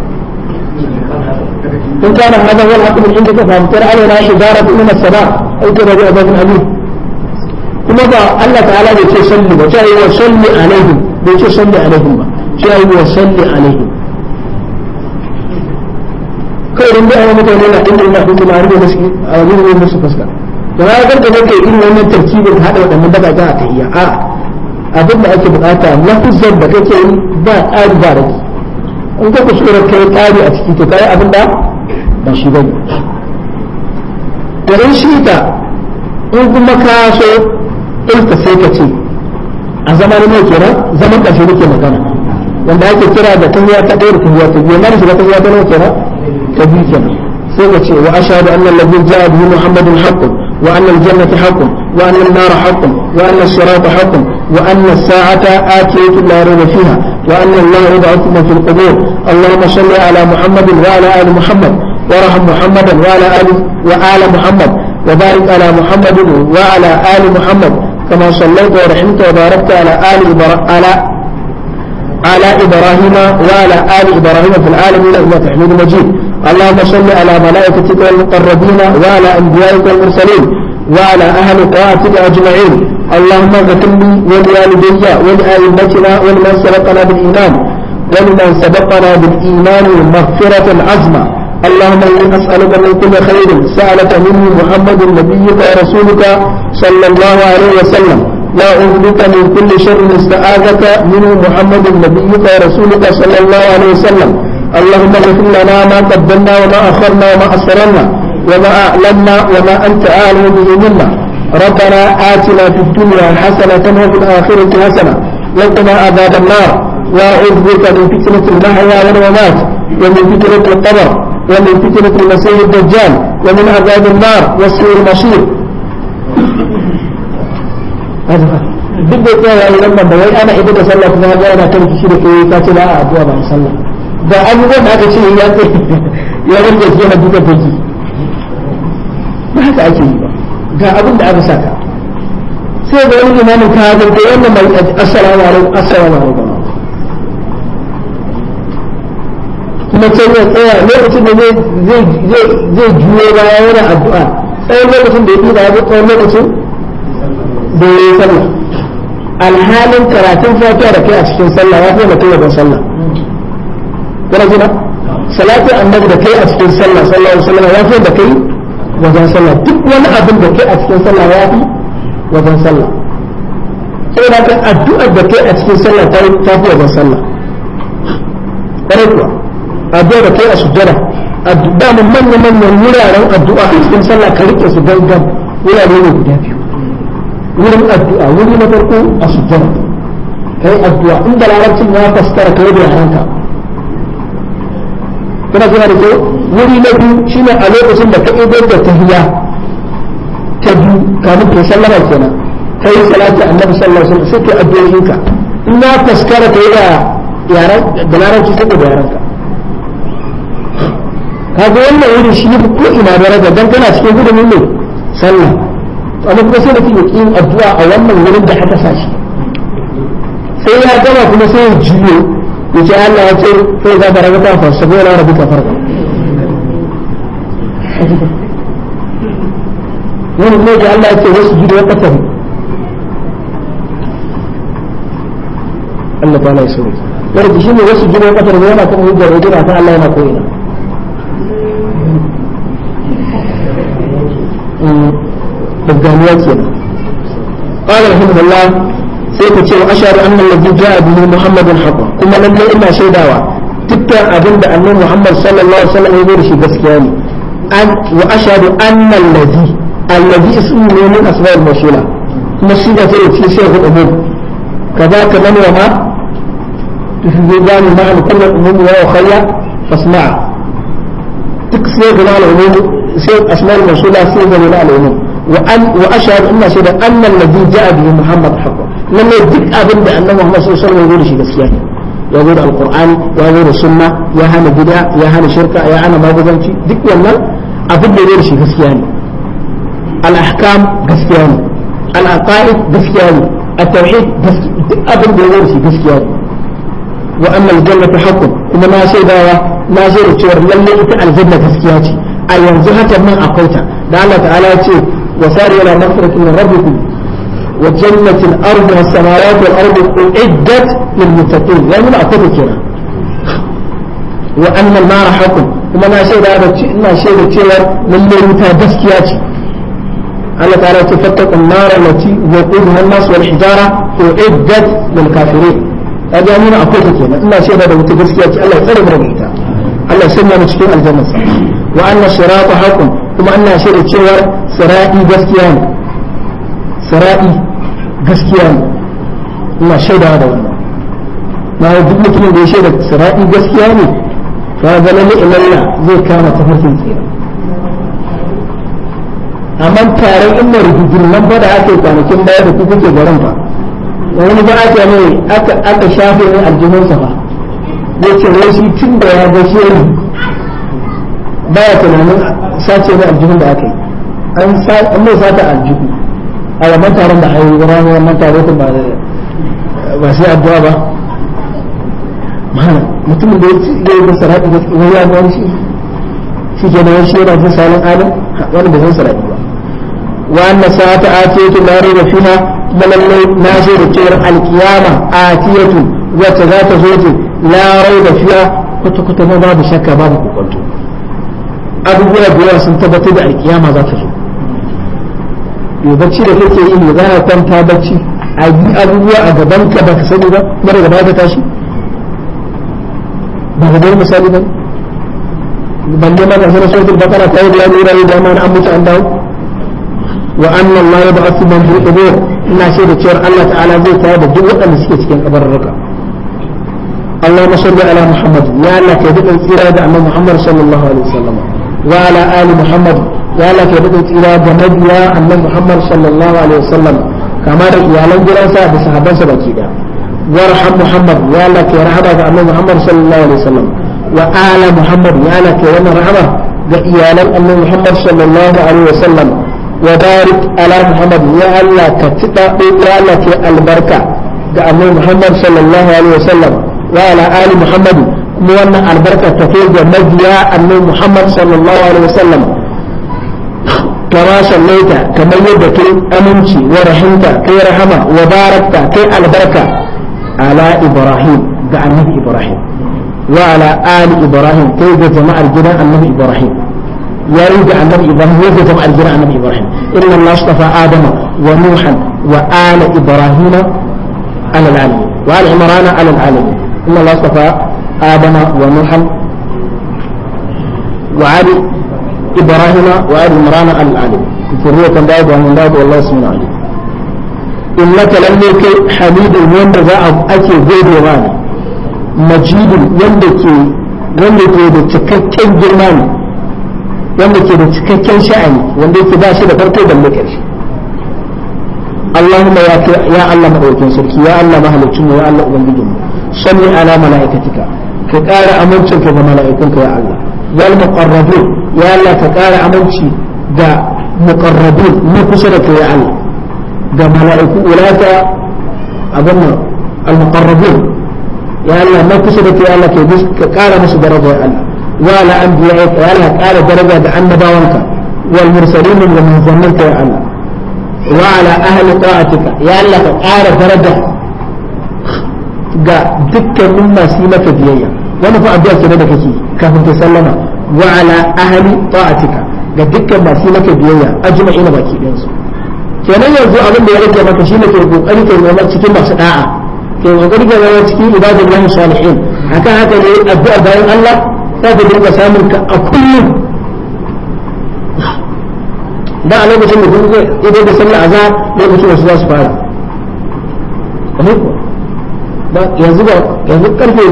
إن كان هذا هو الحق من عندك فأمطر علينا حجارة من السماء أو كما بعذاب أليم kuma ba Allah ta'ala bai ce salli ba ta yi wa salli alaihim bai ce salli alaihim ba cewa wa salli alaihi kai dan bai mutane na inda ina kuma na rubuta musu a rubuta musu fuska to na ga da kai irin wannan tarkibin hada wadannan daga ga tahiyya a abin da ake bukata lafuzan da kake yi ba tsari ba rage in ka kuskura kai tsari a ciki to kai abin da ba shi bane to in shi ta in kuma ka so in ka sai ka ce a zamanin mai kenan zaman ƙarshe nake magana wanda ake kira da tahiyya ta ɗaya da tahiyya ta biyu na shiga tahiyya ta nawa kenan ta biyu kenan sai ka ce wa ashhadu anna allazi ja'a bihi muhammadun haqqun wa anna aljannata haqqun wa anna an nara haqqun wa anna as-sirata haqqun wa anna as-sa'ata atiyatu la rayba fiha wa anna allaha yab'athu min al qubur allahumma salli ala muhammadin wa ala ali muhammad wa wa muhammadan ala وارحم wa وعلى آل وآل محمد ala على محمد وعلى آل محمد كما صليت ورحمت وباركت على آل على على إبراهيم وعلى آل إبراهيم في العالمين إنك حميد مجيد اللهم صل على ملائكتك المقربين وعلى أنبيائك المرسلين وعلى أهل طاعتك أجمعين اللهم اغفر لي ولوالدي ولأئمتنا ولمن سبقنا بالإيمان ولمن سبقنا بالإيمان مغفرة عظمى اللهم إني أسألك من كل خير سألك مني محمد نبيك ورسولك صلى الله عليه وسلم لا أنفق من كل شر استعاذك من محمد نبيك ورسولك صلى الله عليه وسلم اللهم اغفر لنا ما قدمنا وما أخرنا وما أسررنا وما أعلنا وما أنت أعلم به منا ربنا آتنا في الدنيا حسنة وفي الآخرة حسنة وقنا عذاب النار وأعوذ بك من فتنة المحيا والممات ومن فتنة القبر ومن فتنة المسيح الدجال ومن عذاب النار والسوء المشير duk da tsaya yayi nan ba wai ana ita da sallah kuma ga yana ta rikici da kai ka ce ba a addu'a ba sallah da abubuwan da aka ce ya ce ya rage shi yana duka baki ba haka ake yi ba ga abin da aka saka sai da wani imamin ka ga da wannan mai assalamu alaikum assalamu alaikum kuma sai ya tsaya lokacin da zai zai zai juyo baya yana addu'a tsawon lokacin da ya tsira ya lokacin da sallah alhalin karatun fatiha da kai a cikin sallah ya fi mutum wajen sallah kuna jina salatin annabi da kai a cikin sallah sallah wa sallah ya fi da kai wajen sallah duk wani abin da kai a cikin sallah ya fi wajen sallah saboda kan addu'a da kai a cikin sallah ta fi wajen sallah kare kuwa addu'ar da kai a sujjada addu'a mun manya-manyan wuraren addu'a a cikin sallah ka rike su gangan wurare ne guda biyu wurin addu'a wuri na farko a sujjada kai addu'a inda larabcin ya fasara kai da yaranka kana jira da ke wuri na biyu shine a lokacin da ka idar da tahiyya ta biyu kamun kai sallama kenan kai salati annabi sallallahu alaihi wasallam sai kai addu'o'inka in ya fasara kai da yaran da larabci sai da yaranka kaga wannan wuri shi ne ko ina daraja dan kana cikin gudun ne sallah amma kuma sai mutum ya ƙi yin addu'a a wannan wurin da aka sa shi sai ya gama kuma sai ya juyo ya ce Allah ya ce sai za ka rabu kafa sabo na rabu ka farko wani kuma ya Allah ya ce wasu judo ya kasar Allah ta na yi sauri wani shi ne wasu judo ya kasar yana kuma hujjar wajen akan Allah yana koyina مجانية قال رحمه الله سيكتي وأشهد أن الذي جاء به محمد حقا كما لم إلا شيء دعوة تبتع أبن أن محمد صلى الله عليه وسلم يقول شيء بس كياني أن وأشهد أن الذي الذي اسمه من أسماء المشيلة مشيلة في صيغ الأمور كذا من وما في بيبان المعنى كل الأمور وهو خير فاسمع تكسير بناء العموم سيغ أسماء المشيلة سيغ بناء العموم وأن وأشهد أن سيدا أن الذي جاء به محمد حق لما يدك أبدا أن محمد صلى الله عليه وسلم يقول شيء يعني. يقول القرآن يقول السنة يا هانا بدع يا هانا شركة يا أنا ما بزنتي دك ولا أبدا يقول شيء بسياني الأحكام بسياني العقائد بسياني التوحيد يعني. أبدا يقول شيء بسياني وأن الجنة حق إنما سيدا ما زرت شور الجنة بسياتي a yanzu haka nan akwai ta da Allah تعالى وسار إلى مغفرة من ربكم وجنة الأرض والسماوات والأرض أعدت للمتقين يعني أعتقد كذا وأن النار حكم وما لا شيء هذا لا شيء كثير من لوتا دسكياتي الله تعالى تفتق النار التي وقودها الناس والحجارة أعدت للكافرين هذا يعني أعتقد كذا لا شيء هذا لوتا دسكياتي الله يقرب ألا الله سمى نشكي الجنة وأن الصراط حكم ثم أن شيء كثير sara'i gaskiya ne sara'i gaskiya ne ina shaida da wannan na duk mutumin da ya shaida sara'i gaskiya ne ya ga lalle ilalla zai kama tafarkin tsira amma taron inda rubutun nan ba da aka yi kwanakin baya da kuka ke garin fa wani ba aka ne aka shafe ne aljihunsa ba zai ce shi tun da ya ga shi ne baya tunanin sace ne aljihun da aka yi an mai sata aljihu a yaman taron da ayi ranar yaman taro ta ba sai addu'a ba mutumin da ya yi masa raɗi da wani ya gwani shi shi ke da wani yana jin salin adam wani bai san sa raɗi ba wannan sa'ata atiyatu la rayba fiha kuma lallai na ce da cewar alkiyama atiyatu wacce za ta zo ce la rayba fiha kwata-kwata ma babu shakka babu kokonto abubuwa biyar sun tabbatar da alkiyama za ta zo to bacci da kake yi ne za ka kwanta bacci a yi abubuwa a gaban ka ba ka sani ba kuma daga baya ka tashi ba ka gani misali ba ban balle ma karshen ba baqara ta yi bayani rayu da ma an mutu an dawo wa anna allah yab'athu man fil qubur ina ce da cewa Allah ta'ala zai tayar da duk waɗanda suke cikin Allah kabarruka اللهم صل على محمد يا الله كيدك الخير هذا محمد صلى الله عليه wa ala ali Muhammad ya Allah ke daɗin tsira ga mabiya annabi Muhammad sallallahu alaihi wasallam kamar da iyalan gidansa da sahabbansa baki da warham Muhammad ya Allah ke rahama ga annabi Muhammad sallallahu alaihi wasallam wa ala Muhammad ya Allah ke wannan rahama ga iyalan annabi Muhammad sallallahu alaihi wasallam wa barik ala Muhammad ya Allah ka tida ya Allah ke albarka ga annabi Muhammad sallallahu alaihi wasallam wa ala ali Muhammad kuma wannan albarka ta kai ga mabiya annabi Muhammad sallallahu alaihi wasallam كما ليتا كما يبدو كي أمنشي ورحمتا كي رحمة وباركتا كي البركة على إبراهيم النبي إبراهيم وعلى آل إبراهيم كي جمع الجنة النبي إبراهيم يريد نبي إبراهيم يريد جمع الجنة النبي إبراهيم إن الله اصطفى آدم ونوحا وآل إبراهيم على العالمين وآل عمران على العالمين إن الله اصطفى آدم ونوحا وعلي إبراهيم وآل عمران على العالم كفرية بعد ومن بعد والله سبحانه إنك لم حميد وين ذا أكي غير مجيد ke da cikakken girma ne wanda sha'ani wanda da farko da mu karshe Allahumma amincin wal muqarrabun ya Allah ka ƙara aminci ga muqarrabun na kusa da kai Allah ga mala'iku ulaka abin nan al muqarrabun ya Allah na kusa da kai Allah musu daraja ya Allah wa la anbiya'ika ya Allah ƙara da annabawanka wal mursalin da manzanninka ya Allah وعلى أهل طاعتك يا الله قال درجة ga dukkanin masu yi maka biyayya wani fa addu'a kenan da kake kafin ka sallama wa ala ahli ta'atika ga dukkan masu maka biyayya ina baki ɗayan su kenan yanzu abin da ya rike maka shine ke kokari ke zama cikin masu da'a ke kokari ke zama cikin ibadallahi salihin akan haka ne addu'a bayan Allah za ka dinga samun ka a kullum da a lokacin da kuma idan da sallar azhar lokacin wasu za su fara yanzu ba yanzu karfe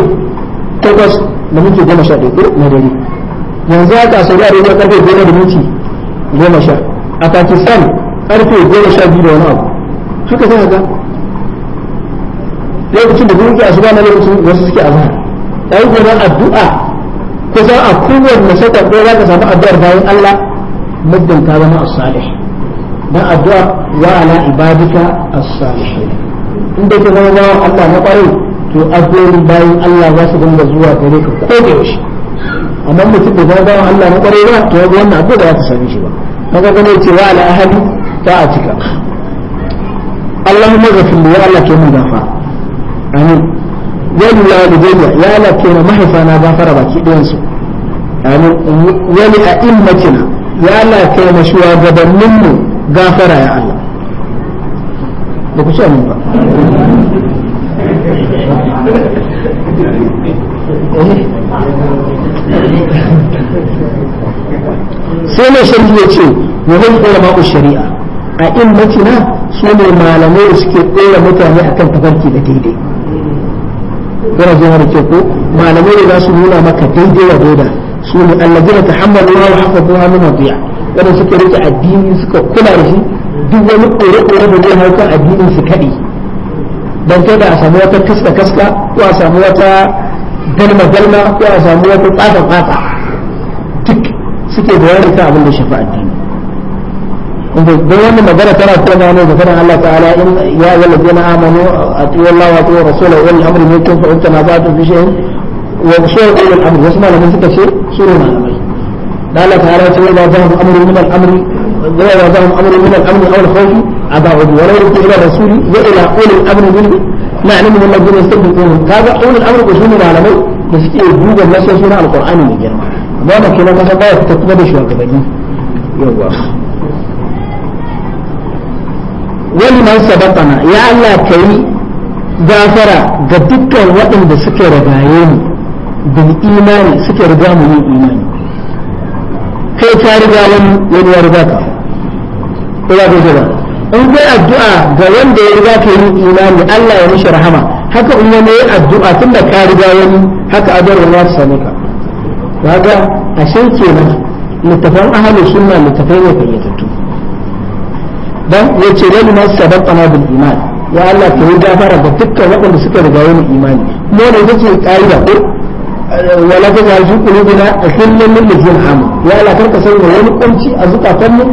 takwas da minti goma sha ɗaya na dare yanzu haka saudi goma da minti goma sha a pakistan karfe goma sha biyu da wani abu suka sai haka lokacin da ke a shiga na lokacin wasu suke a zahar da yi gona addu'a kusan a kowanne sata ɗaya za ka samu addu'ar bayan allah muddin ka zama as-salih dan addu'a wa ala ibadika as-salihin inda ka zama allah na ƙwarai to addu'o'in bayan Allah za su dinga zuwa gare ka ko da yaushe amma mutum da ba bawan Allah na kwarai ba to ga wannan addu'a ba ta same shi ba kaga gane cewa ala ahadi ta atika Allahumma ghafir li Allah ke mun gafa amin wani ya da jami'a ya Allah ke na mahaifa na gafara baki ɗayan su amin wani a immatina ya Allah ke na shugabanninmu gafara ya Allah da ku ce mun ba sai mai sharhi ya ce wa hum ulama'u shari'a a in matina su ne malamai da suke ɗora mutane akan tafarki da daidai yana zuwa da ko malamai da za su nuna maka daidai wa doda su ne allazina tahammalu wa hafazuha min wadi'a wanda suke rike addini suka kula da shi duk wani ƙore-ƙore da zai hauka addinin su kaɗai don kada a samu wata kaska kaska ko a samu wata dalma dalma ko a samu wata tsafa tsafa tik suke da bayani ta abin da shafa addini don wannan magana tana kuma ne da fadan Allah ta'ala in ya walladina amanu a atiyu Allah wa atiyu rasulahu wal amri minkum fa in tanaza'tum fi shay'in wa shay'un min amri wasu malamin suka ce su ne malamai da Allah ta'ala ya ce wa zahum amru min al-amri لو أعطاهم أمر من الأمن أو الخوف أضاعوا ولو ردوا إلى الرسول وإلى أولي الأمر منه ما معنى من الذين يستبدلون هذا أولي الأمر بشؤون العالمين مسكين جوجا الناس يسمعون على القرآن من الجنة هذا كنا مثلا لا تتبدل شو هكذا يوه ولما سبقنا يا الله كي gafara قد dukkan waɗanda suke ragaye بالإيمان bil imani suke kai ka riga wani wani ya riga ka ko ba ka ba in kai addu'a ga wanda ya riga ka yi imani Allah ya mishi rahama haka in wani ya addu'a tunda ka riga wani haka adar wani ta same ka kaga ashe kenan littafan ahalu sunna littafai ne fayyatattu dan ya yace lil mas sabaqana bil iman ya Allah ka yi gafara ga dukkan waɗanda suka riga wani imani mu ne yake ƙa'ida ko ولا تجعل في قلوبنا غلا للذين امنوا يا لا كرك سن wani kunci a zukatan mu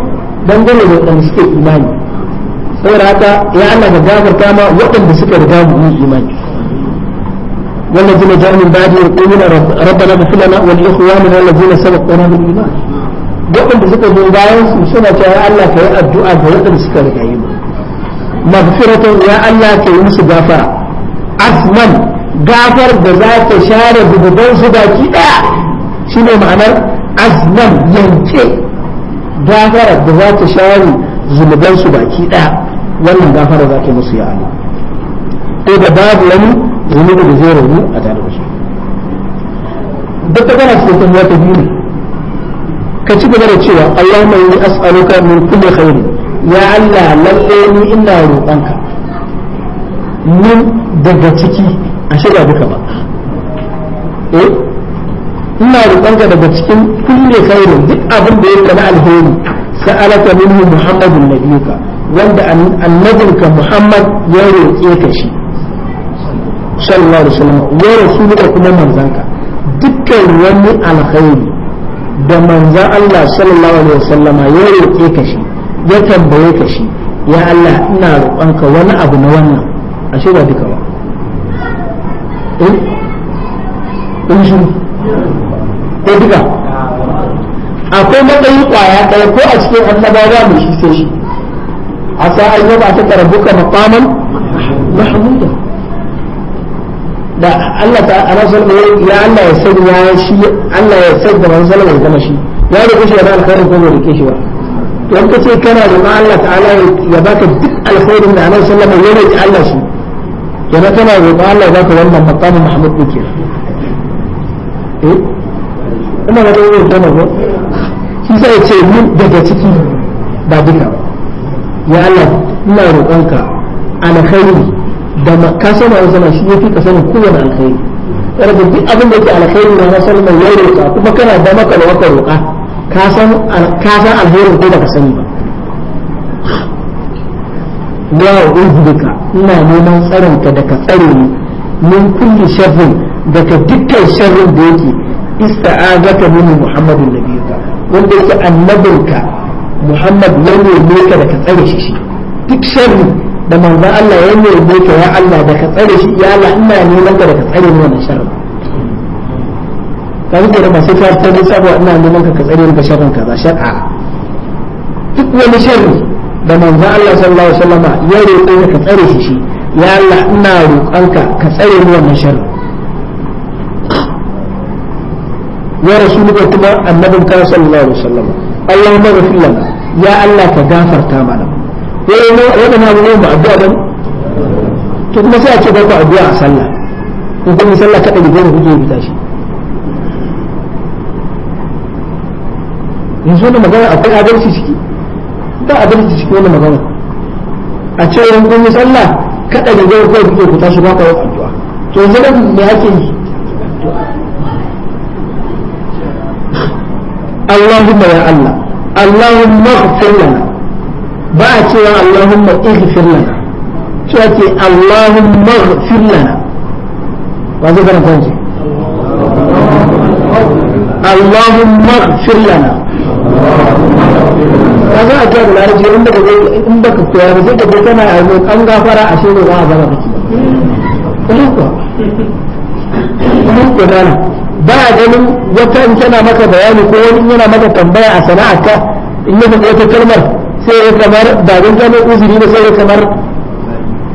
dangane da wadanda suke imani saboda haka ya Allah ka gafarta ma waɗanda suka riga mu yin imani والذين جاءوا من بعد يقولون ربنا اغفر لنا ولاخواننا الذين سبقونا بالايمان waɗanda suka zo bayan su suna cewa Allah ka yi addu'a ga waɗanda suka riga yi magfiratan ya Allah ka yi musu gafara azman gafar da za ta share zububan su baki daya ne ma'anar azlam yanke gafarar da za ta share zububan su baki daya wannan gafara za ta musu ya Allah ko da babu wani zunubi da zai rabu a tare da su duk da kana cikin tafiya ta biyu ka ci gaba da cewa Allahumma inni as'aluka min kulli khairi ya Allah lalle ni ina roƙonka min daga ciki ashe ba duka ba eh ina roƙonka daga cikin kulle khairin duk abin da yake na alheri sa'alaka minhu muhammadun nabiyuka wanda ka muhammad ya roƙe ka shi sallallahu alaihi wasallam ya rasuluka kuma manzanka dukkan wani alkhairi da manzan Allah sallallahu alaihi wasallam ya roƙe ka shi ya tambaye ka shi ya Allah ina roƙonka wani abu na wannan ashe ba duka ba Eh? ko duka akwai matsayi kwaya daya ko a cikin annabawa mai shi sai shi an yaba ta karabuka maqaman da Allah ta ana ya ya shi Allah ya ya shi ya da alkhairin ko da ba to kace kana da Allah ta'ala ya baka duk alkhairin da Annabi sallallahu alaihi wasallam ya yi Allah shi yana tana roƙon Allah za ta wannan makamin Muhammad ɗin kenan eh ina dole ko shi sai ce daga ciki ba duka ya Allah ina roƙonka alkhairi da makka shi ka sani kowane alkhairi kada duk abin da yake alkhairi na nasarar mai yaro roƙa kuma kana da maka da ka san ko sani ba wa uzbika ina neman tsaron ka daga tsare ni min kulli sharrin daga dukkan sharrin da yake ista'azaka min muhammadun nabiyuka wanda yake annabinka muhammad ya neme ka daga tsare shi duk sharri da manzon Allah ya neme ka ya Allah daga tsare shi ya Allah ina neman ka daga tsare ni wannan sharrin ka rike da masu ta ta saboda ina neman ka ka tsare ni ka sharrin kaza shar'a duk wani sharri da manzo Allah sallallahu alaihi wasallama ya roƙe ka tsare shi ya Allah ina roƙanka ka tsare mu wannan sharri ya rasuluka kuma annabin ka sallallahu alaihi wasallama Allahumma ghfir lana ya Allah ka gafarta mana wadannan abubuwan ba addu'a ba to kuma sai a ce ba addu'a a sallah ko kuma sallah kada da gona kuke bi tashi yanzu da magana akwai adalci ciki ba a darasi cikin wannan magana a ce yan kun yi sallah kada da zai kawai kuke ku tashi ba ka yin addu'a to yanzu da me ake yi Allahumma ya Allah Allahumma ighfir lana ba a cewa Allahumma ighfir lana to ake Allahumma ighfir lana ba zai karanta kanje Allahumma ighfir lana ka a kiyar larabci ka baka in ka koya ba sai ka je kana aure an gafara a shine za a zama kake kuma ko kuma dana ba ganin wata in tana maka bayani ko wani yana maka tambaya a sana'a ka in ya faɗi wata kalmar sai ya kamar ba don gano uzuri ba sai ya kamar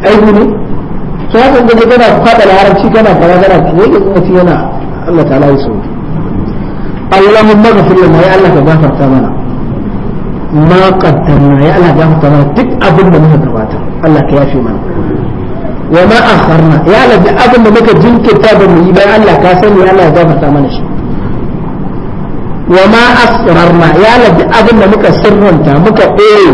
aiki ne to haka ga kana faɗa larabci kana fara kana ne ke kuma yana Allah ta'ala ya so Allahumma ghfir lana ya Allah ka gafarta mana ما قدرنا يا الله جاه تمام تك أبن من هذا واتا الله كيا شو مان وما أخرنا يا الله أبن من هذا جن كتاب من إبا الله كاسن يا الله جاه تمام نش وما أسررنا يا الله أبن من هذا سر أنت مك أول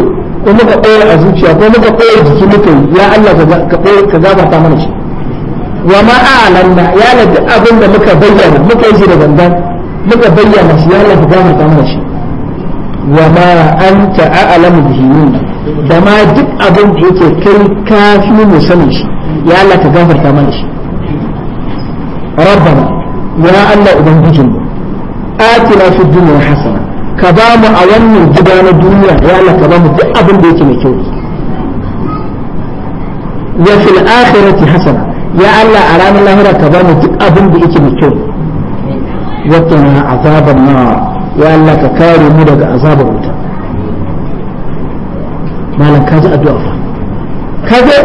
ومك أول أزوج يا ومك أول جسمك يا الله كذا كذا كذا تمام نش وما أعلننا يا الله أبن من هذا بيان مك يجري عندنا مك بيان يا الله جاه تمام نش وما أنت أعلم به منا دما دك أبن إيكي كي كافي مسلش يا الله تغفر كمانش ربنا يا الله أبن بجن آتنا في الدنيا حسنة كبام أولي جبان الدنيا يا الله كبام دك أبن إيكي مكوز وفي الآخرة حسنة يا الله أرام الله كبام دك أبن إيكي مكوز وقنا عذاب النار ya Allah ka kare mu daga azabar wuta malam ka ji addu'a fa kaga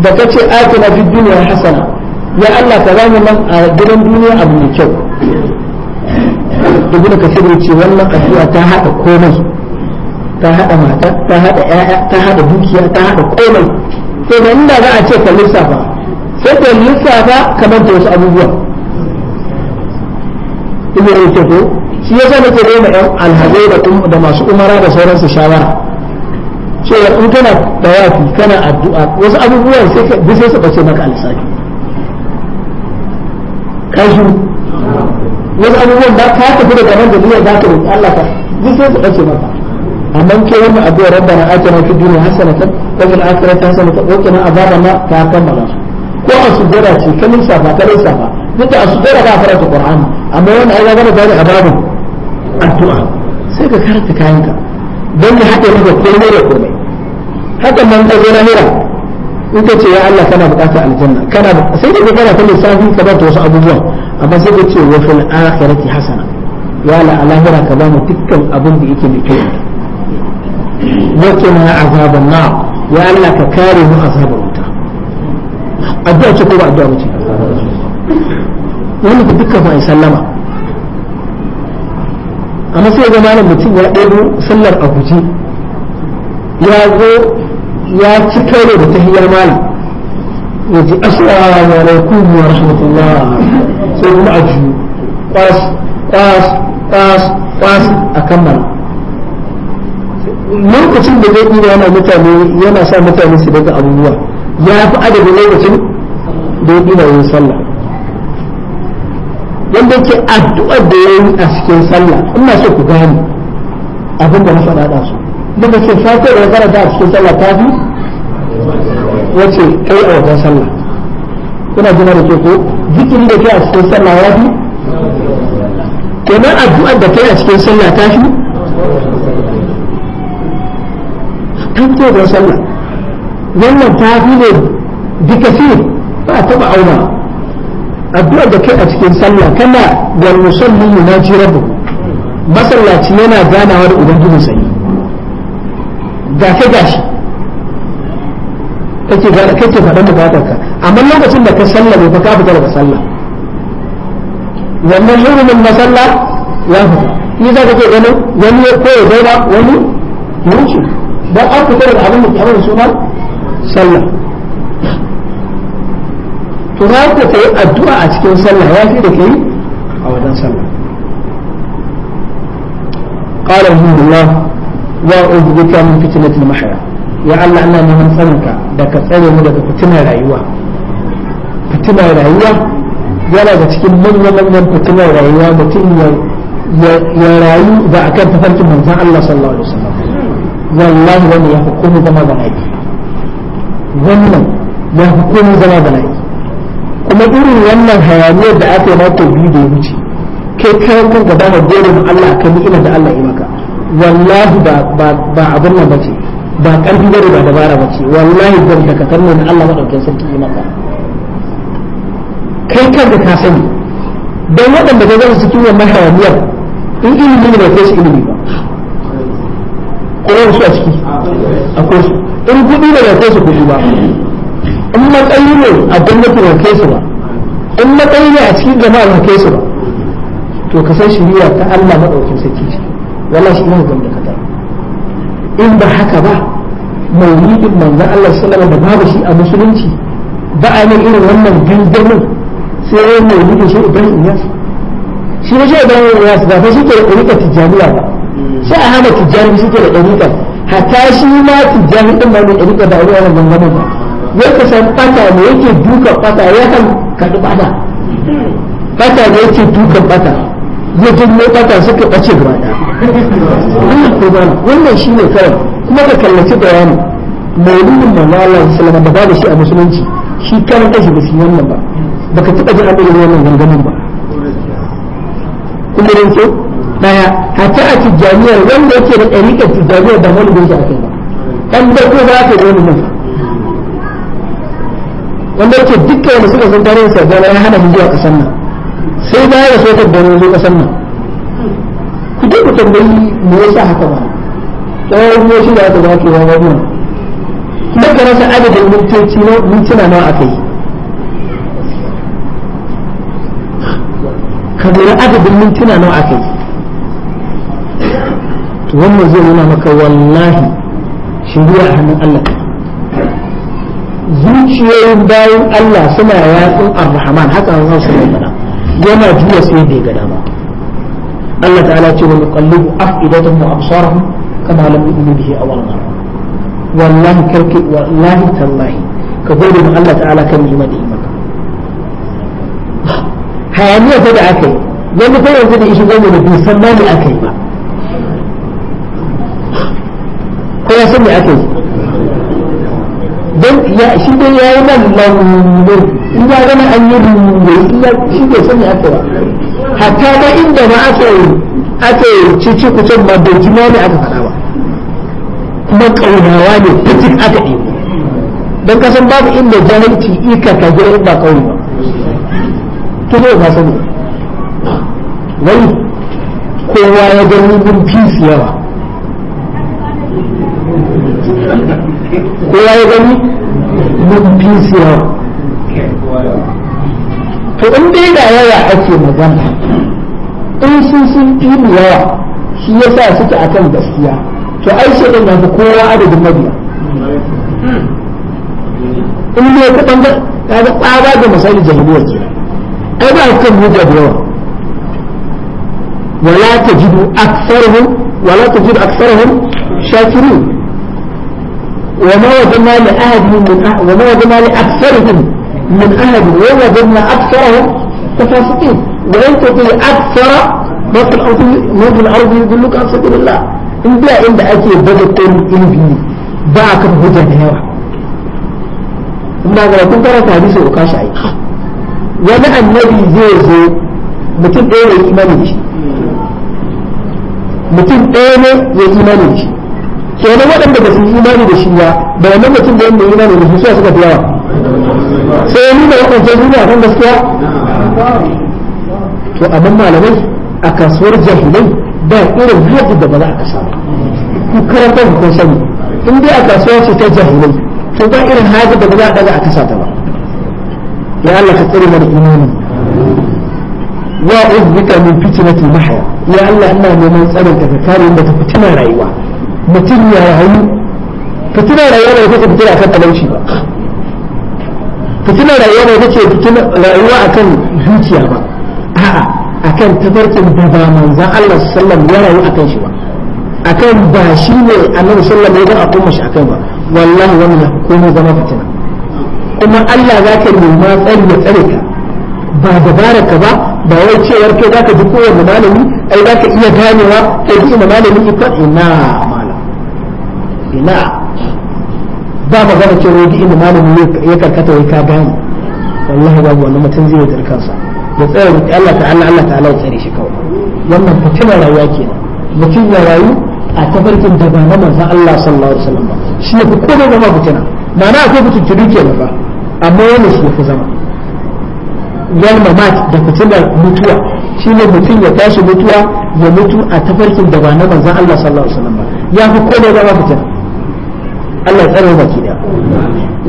da kace atina fi duniya hasana ya Allah ka mu nan a gidan duniya abu mai kyau ka kasir yace wannan addu'a ta hada komai ta hada mata ta hada ƴaƴa ta hada dukiya ta hada komai to da inda za a ce ka lissafa sai ka lissafa kamar da wasu abubuwa ibnu kasir shi yasa nake na yan alhazai da masu umara da sauransu shawara cewa in kana dawafi kana addu'a wasu abubuwan sai ka sai su bace maka alsafi kashi wasu abubuwan ba ka tafi daga nan da niyyar za ka roƙi Allah ka bi sai su bace maka amma ke wannan addu'a rabbana atina fid dunya hasanatan wa fil akhirati hasanatan wa qina azaban nar ta kammala ko a sujjada ce kamin safa kamin safa duk da a sujjada ba a faranta qur'ani amma wannan ai ga da babu addu'a sai ka karanta kayanka don ya haɗe maka komai da komai haka man ka zo lahira in ka ce ya Allah kana buƙatar aljanna kana sai ka kana ta lissafi ka ba ta wasu abubuwan amma sai ka ce wa fil akhirati hasana ya la alahira ka ba mu dukkan abin da yake mai kyau wa qina azaban nar ya Allah ka kare mu azaban wuta addu'a ce ko ba addu'a ce wannan dukkan fa sallama amma sai ga malam mutum ya ɗebo sallar a guje ya zo ya ci ne da tahiyar malam ya ji assalamu alaikum wa rahmatullah sai kuma a ju kwas kwas kwas kwas a kammala lokacin da zai iya yana mutane yana sa mutane su daga abubuwa ya fi adadin lokacin da ya ɗina yin sallah wanda ce addu'ar da yayi a cikin sallah ina so ku gane abin da na faɗa da su daga ce fatar da karanta a cikin sallah ta fi wace kai a wajen sallah kuna jina da ke ko zikiri da ke a cikin sallah ya fi kenan addu'ar da kai a cikin sallah ta fi an ce da sallah wannan ta fi ne duka ba a taɓa auna addu'ar da kai a cikin sallah kana wal musalli yunaji rabbu masallaci yana ganawa da ubangiji sai ga kai gashi kake ga kake faɗan bukatarka amma lokacin da ka sallame fa ka fita daga sallah wannan hurumin masalla ya fita ni za ka ke gano wani ya koya zauna wani ya wuce don an fita daga abin da ke abin suna sallah فراد ان الدعاء أشكين صلى الله عليه وسلم أو دان صلى قال رحمه الله وأعوذ بك من فتنة المحيا يعلى أن من سلمك ذاك الثاني مدى فتنة رأيوة فتنة رأيوة يلا تشكين من من من فتنة رأيوة متن يا رأيو إذا أكان تفلت من ذا الله صلى الله عليه وسلم والله لن يحكم زمان بنائي ومن يحكم زمان بنائي kuma irin wannan hayaniyar da aka yi mako biyu da ya wuce kai kayan kan gaba gore gorin Allah yi ni'imar da Allah ya maka wallahi ba ba abin nan bace ba karfi bare ba dabara bace wallahi ban da ka sanna Allah madaukakin sarki ya maka kai kan da ka sani dan wadanda ga zan cikin wannan hayaniyar in ilimi ne ba kai shi ilimi ba ko su a ciki akwai su in kuɗi ne ba kai su kuɗi ba in matsayi ne a gwamnati ba kai su ba in matsayi ne a cikin jama'a ba kai su ba to ka san shari'a ta Allah madaukakin sarki ce wala shi ne gwamnati ka in ba haka ba maulidin manzon Allah sallallahu alaihi wasallam da babu shi a musulunci ba a nan irin wannan gangamin sai ya maulidin shi Ibrahim Iyas shi ne shi Ibrahim Iyas ba fa shi ke rika tijaniya ba sai a hana tijani shi ke da ɗarika hatta shi ma tijani ɗin ba ne ɗarika da a wannan gangamin ba yadda san fata ne yake dukan fata ya kan kaɗi fata fata ne yake dukan fata ya jin ne fata suka ɓace gaba ɗaya wannan shi ne kawai kuma ka kallaci bayani maulidin manala salama da babu shi a musulunci shi kan kashi ba shi wannan ba baka taɓa jin an irin wannan gangamin ba kuma rinke daya hata a tijjaniyar wanda yake da ɗariƙar tijjaniyar da maulidin shi a kai ba ɗan da ko ba ka yi wani mafi wanda yake dukkan wanda suka san tarihin sarki ya hana mu zuwa kasan nan sai baya ya sokar da zo kasan nan ku dai tambayi me yasa haka ba tsawon ruwa shi da aka zama ke wani ruwan kuma ka rasa adadin mintoci na mintuna nawa aka yi ka lura adadin mintuna nawa aka yi wannan zai nuna maka wallahi shi ruwa a hannun Allah zuciyoyin bayan Allah suna yatsun ar-rahman haka an zo sai fada yana jiya sai bai ga dama Allah ta'ala ce wa yuqallibu afidatuhum wa absarahum kama lam yu'minu bihi awwal marra wallahi karki wallahi tallahi ka gode ma Allah ta'ala kan ni'ima da imaka hayaniya ta da akai yi wani fa yanzu da ishi goma da bai san ma ne aka ba ko ya san me aka dan ya shi dai yayi nan lalle in ya gama an yi rubuce illa shi bai sani aka ba hatta da inda ma aka yi aka yi cici kucin ba da jima ne aka fara ba kuma ƙaunawa ne fitik aka yi don kasan babu inda jahilci ika ka in ba ƙauni ba to ne ba sani wani kowa ya ga rubun fis yawa kowa ya gani mafi siyawa to in dai da yawa ake magana in sun sun fi yawa shi ya sa suke a kan gaskiya to ai sai din da kowa adadin mabiya in ne ka dan ka ga tsaba da misali jami'a ce ai ba kan hujja da yawa wala tajidu aktharuhum wala tajidu aktharuhum shakirin وما وجدنا لأحد من أحد وما وجدنا لأكثرهم من أحد وجدنا أكثرهم ففاسقين وإن تطيع أكثر مصر الأرض مصر الأرض يدلك عن سبيل الله إن أنت إن بأتي بدل إنبي باك هجن هوا إنما لو كنت رأت حديث وكاش عيد وأنا النبي زيزي متن إيه إيمانك متن إيه إيمانك kenan waɗanda ba su yi imani da shi ba da wannan mutum da yadda imani da shi suka fi yawa sai yi nuna waɗanda su ne a kan gaskiya to amma malamai a kasuwar jahilai ba irin haji da ba za a kasa ku karanta ku sani in dai a kasuwa ce ta jahilai to ba irin haji da ba za a daga a kasa ta ba ya Allah ka tsare mana imani wa bika min fitnatil mahya ya Allah ina neman tsarin ka ka kare inda ta fitina rayuwa mutum ya rayu ka tuna rayuwa da kake fitina akan talauci ba ka tuna rayuwa da kake fitina rayuwa akan zuciya ba a'a akan tafarkin da ba manzan Allah sallam ya rayu akan shi ba akan ba shi ne annabi sallam ya ga a kuma shi akan ba wallahi wannan komai zama fitina kuma Allah za ka nema tsari ya tsare ka ba dabara ka ba ba wai cewar kai za ka ji kowanne malami ai za ka iya ganewa kai ji malami ita ina ina ba magana cewa wani inda malami ya karkata wai ka gane wallahi babu wani mutum zai yi kansa ya tsaya da Allah ta'ala Allah ta'ala ya tsare shi kawai wannan fitinar rayuwa kenan mutum ya rayu a tafarkin da ba na manzon Allah sallallahu alaihi wasallam ba shi ne komai zama fitina ma'ana akwai fitintunu kenan fa amma wani shi fi zama wal mamat da fitinar mutuwa shi ne mutum ya tashi mutuwa ya mutu a tafarkin da ba na manzon Allah sallallahu alaihi wasallam ba ya fi komai zama fitina الله قال وما كذا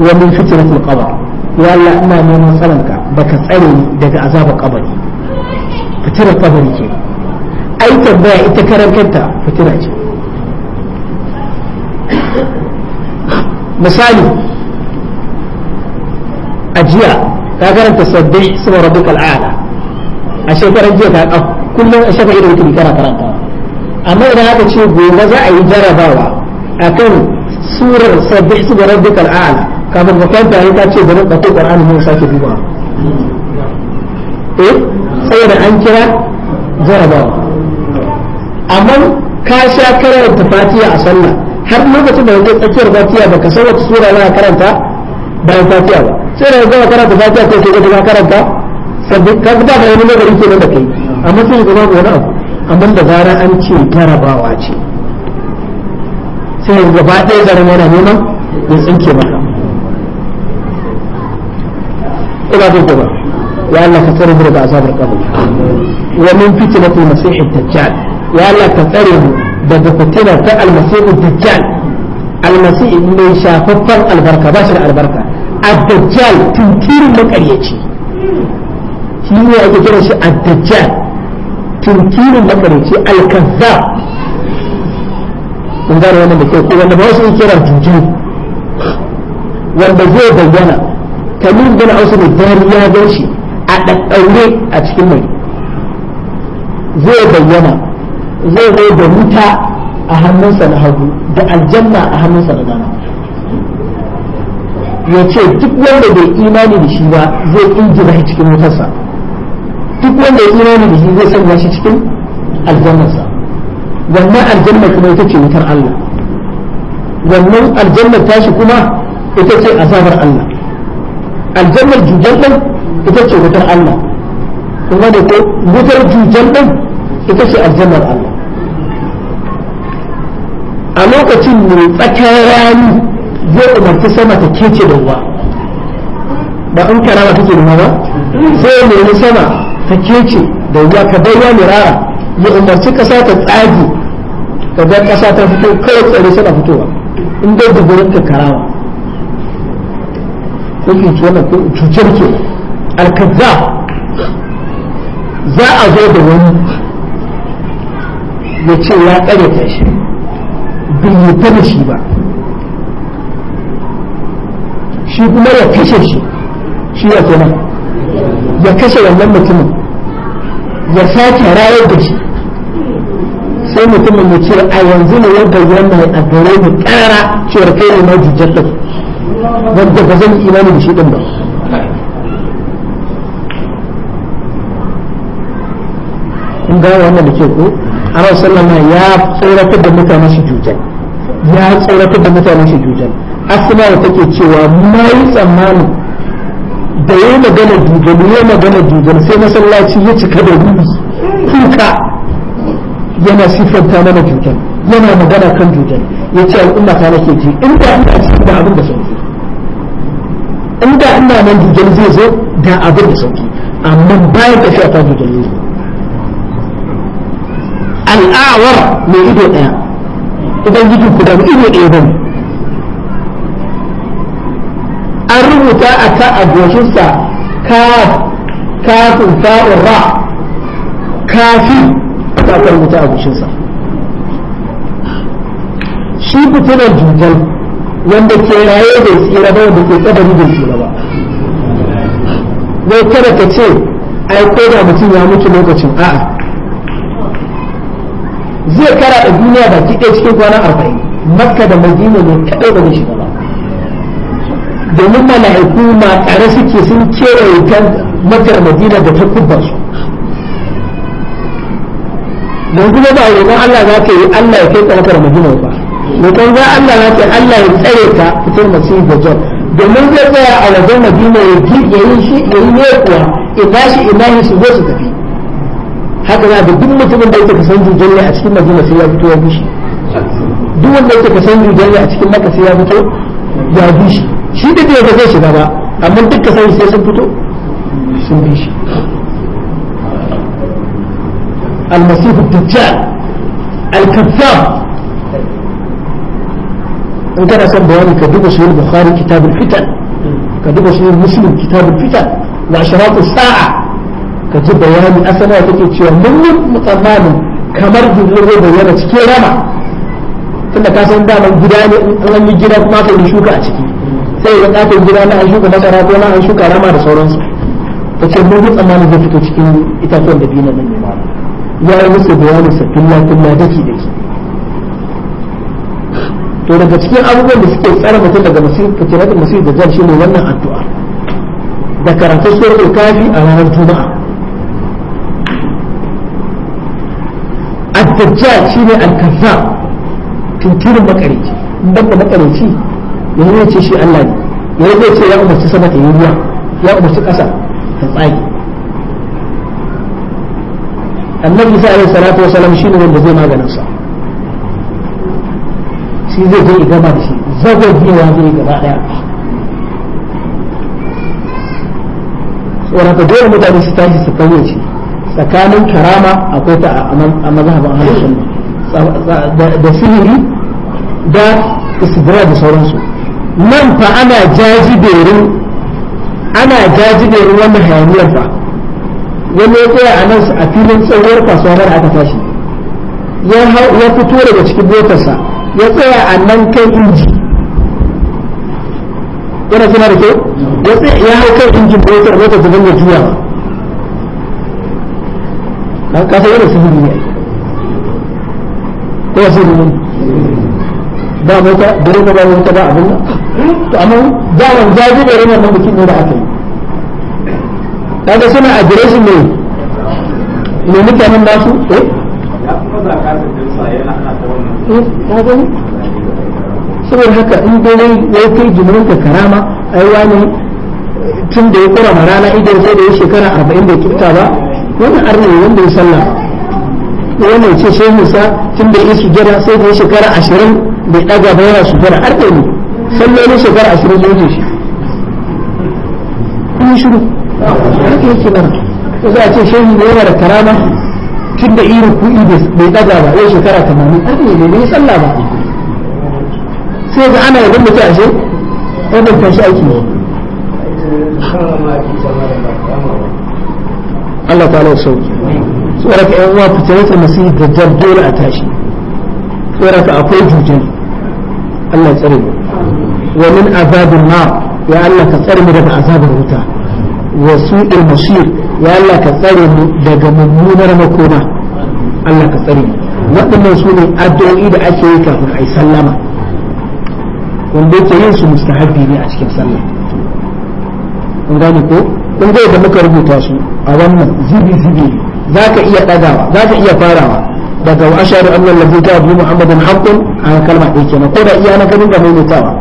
ومن فتنة القضاء وألا أما من صلنك بكسرني دك عذاب قبري فترى قبري كذا أي تبع تكرم كنت فترى مثالي أجياء كأجر تصدق سوى ربك الأعلى أشكر أجياء أه، كل ما أشكر إلى كل كرة أما إذا هذا الشيء هو مزاع يجرى باوا أكون surar sabbi su ga rabbi kal'ala kafin ka kwanta ya ce da ka ko qur'ani mun sake duba eh saboda an kira jarabawa amma ka sha karanta fatiha a sallah har lokacin da kai tsakiyar fatiha baka san wata sura za karanta bayan fatiya ba sai da gaba karanta fatiha ta kai ka karanta sabbih ka ga ba wani lokaci kenan da kai amma sai ka ba wani abu amma da zara an ce jarabawa ce sai gaba ɗaya garin yana neman ya tsinke maka ina zai gaba ya Allah ka tsare mu daga azabar kabari wa min fitnatil masih ad-dajjal ya Allah ka tsare mu daga fitinar ta al-masih ad-dajjal al-masih mai shafaffan albarka ba shi da albarka ad-dajjal tunkirin makaryaci shi ne ake kiran shi ad-dajjal tunkirin makaryaci al-kazzab kun gane wannan da kyau wanda ba su yi kiran tuntuni wanda zai bayyana kamar bin ausu da dari ya gan shi a ɗaɗɗaure a cikin mai zai bayyana zai zo da wuta a hannunsa na hagu da aljanna a hannunsa na dama ya ce duk wanda bai imani da shi ba zai injina shi cikin wutarsa duk wanda ya imani da shi zai sanya shi cikin aljannarsa wannan aljanna kuma ita ce wutar Allah wannan aljannar tashi kuma ita ce azabar Allah aljannar jujan ɗin ita ce wutar Allah kuma da ko wutar jujan ɗin ita ce aljannar Allah a lokacin ne tsakar rani zai umarci sama ta kece da ruwa ba an karama take da ba sai mai sama ta kece da ruwa ka bai wa mirara ya umarci kasa ta tsagi ga kasa ta fito kawai tsare suna fitowa in dai da gurin ka karawa ko ki ci wannan ko cutar ke alkaza za a zo da wani ya ce ya tsare ta shi bin yi ta shi ba shi kuma ya kashe shi shi ya kenan ya kashe wannan mutumin ya sake rayar da shi sai mutumin ya ce a yanzu ne yadda wannan a gare ni kara cewar kai ne mai jujjata ɗin wanda ba zan yi imani da shi ɗin ba in gane wannan da ke ko ana sallama ya tsoratar da mutane shi jujjar ya tsoratar da mutane shi jujjar asma take cewa mai tsammanin da ya magana dugal ya magana dugal sai masallaci ya cika da rubi kuka yana siffanta mana dugal yana magana kan dugal ya ce al'umma ta nake ji in da ina cika da abin da sauki in da ina nan dugal zai zo da abin da sauki amma bayan tafiya ta dugal zai al'awar mai ido ɗaya idan gidin kudan ido ɗaya bane za a ta a goshinsa kafin fa'in ra kafin ta aka rubuta a goshinsa shi fitilar jujjal wanda ke raye da tsira ba wanda ke kadari da tsira ba wai kada ka ce ai ko da mutum ya mutu lokacin a'a zai kara da duniya baki ɗaya cikin kwana arba'in makka da madina ne kaɗai ba zai shiga domin mala'iku ma tsare suke sun kewaye ta makar madina da ta kubba su don kuma ba don Allah za ka yi Allah ya kai ta makar madina ba kan za Allah za ka yi Allah ya tsare ta fitar masu jan domin zai tsaya a wajen madina ya yi ya yi shi ya yi ne kuwa ina shi ina shi su zo su tafi haka na da duk mutumin da yake kasan san ne a cikin madina sai ya fito ya bi duk wanda yake kasan san ne a cikin makasai ya fito ya bi shi da bai zai shiga ba amma duka sai sai sun fito sun bi shi المسيح الدجال الكذاب in kana son bayani ka duba sahih bukhari kitabul fitan ka duba sahih muslim kitabul fitan wa asharatu sa'a ka ji bayani asala take cewa mun yi mutsammanin kamar jirgin zai bayyana cikin rama tunda ka san daman gida ne in an yi gida kuma ka yi shuka a ciki sai ga katon gida na an shuka masara ko na an shuka rama da sauransu ta ce mun tsammanin zai fito cikin itatuwan da biyu na nan ne ya yi musu bayanin sa filla filla daki daki to daga cikin abubuwan da suke tsara mutum daga fitinatul masih da jan ne wannan addu'a da karatun suratul kafi a ranar juma'a ad-dajjal shine al-kazzab makarici dan da makarici ya ce shi Allah ne ya zai ce ya umarci sama ta yi ruwa ya umarci ƙasa ta tsage annabi isa alaihi salatu wa salam shine wanda zai maganin sa shi zai je ya gama da shi zagagewa zai gaba daya saboda ka dole mutane su tashi su kawai tsakanin karama akwai ta a mazhabin ahlus sunna da sihiri da isbira da sauransu nan fa ana jajiberin ana jajiberin wannan hayaniyar fa wani ya tsaya a nan a filin tsawon kasuwar mara aka tashi ya fito daga cikin motarsa ya tsaya a nan kan inji yana suna da kyau ya hau kan injin motar motar da juya ba. Na kasa yana sihiri ne ko sihiri ne ba mota dare ba mota ba abin nan to amma dawon rana nan bikin ne da aka yi kaga suna adireshin ne ne mutanen nasu eh, eh saboda haka in dole ya kai jimirin ka karama ai wani tun da ya kura rana idan sai da ya shekara arba'in da ya kirta ba wannan ne wanda ya sallah wannan ce sai musa tun da ya sujada sai da ya shekara ashirin bai daga ba yana sujada arni ne sallolin shekara ashirin da yake shi kun shiru haka yake nan ko za a ce shehi ne yana da karama tun da irin kuɗi bai ɗaga ba yau shekara tamanin har ne bai yi sallah ba sai ga ana yabon mutu ashe ɗaukar tashi aiki ne Allah ta lau sauki tsoraka yan uwa fitarata masu yi dajjal dole a tashi tsoraka akwai jujjal Allah ya tsare mu ومن عذاب النار يا الله كترمي دقى عذاب الوتا وسوء المصير يا الله كترمي دقى ممنون رمكونا الله كترمي waɗannan su ne addu'o'i da ake yi kafin a yi sallama wanda yake yin su mustahabbi ne a cikin sallah kun gane ko kun ga da muka rubuta su a wannan zibi zibi za ka iya ɗagawa za ka iya farawa daga wa ashhadu anna allazi ta bi muhammadin haqqun an kalma ɗaya kenan ko da iya na ganin da maimaitawa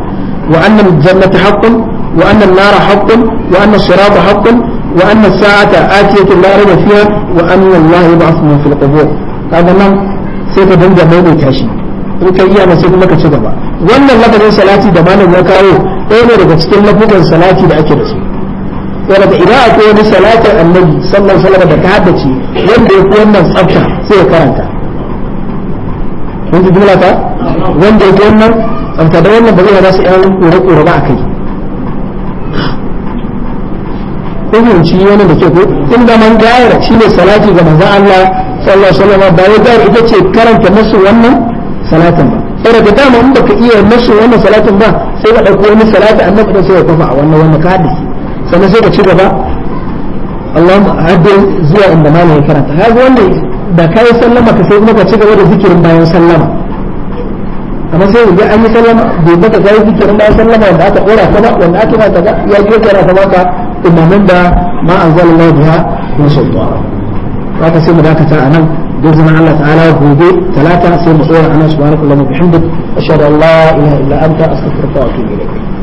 wa annal jannata haqqun wa annal nara haqqun wa annas sirata haqqun wa annas sa'ata atiyatu la rayba fiha wa anna allaha yab'athu man fil qubur kaga nan sai ka dinga maimaita shi in ka iya na sai kuma ka ci gaba wannan lafazin salati da malam ya kawo ɗaya ne daga cikin lafazin salati da ake da su saboda idan akwai wani salatin annabi sallallahu alaihi wasallam da ka haddace wanda ya fi wannan tsafta sai ya karanta kun ji jumla ta wanda yake wannan amsa da wannan ba zai hada su yan kore-kore ba a kai ci wani da ke ko da man gayar shi ne salati ga manzan Allah sallallahu alaihi wasallam ba ya gayar ita ce karanta musu wannan salatin ba sai da dama in baka iya musu wannan salatin ba sai ka dauko wani salati annabi da sai ka kafa a wannan wannan kadisi sannan sai ka ci gaba Allahumma hadde zuwa inda ya karanta kaga wanda da kai sallama ka sai kuma ka ci gaba da zikirin bayan sallama amma sai yanzu an yi sallama bai maka kai zikirin da sallama wanda aka dora ta wanda aka ba ta ba ya ji kana ta baka imamin da ma anzal Allah biha min sultan wata sai mu dakata anan da zama Allah ta'ala gobe talata sai mu tsora anan subhanallahi wa bihamdihi ashhadu an la ilaha illa anta astaghfiruka wa atubu ilayk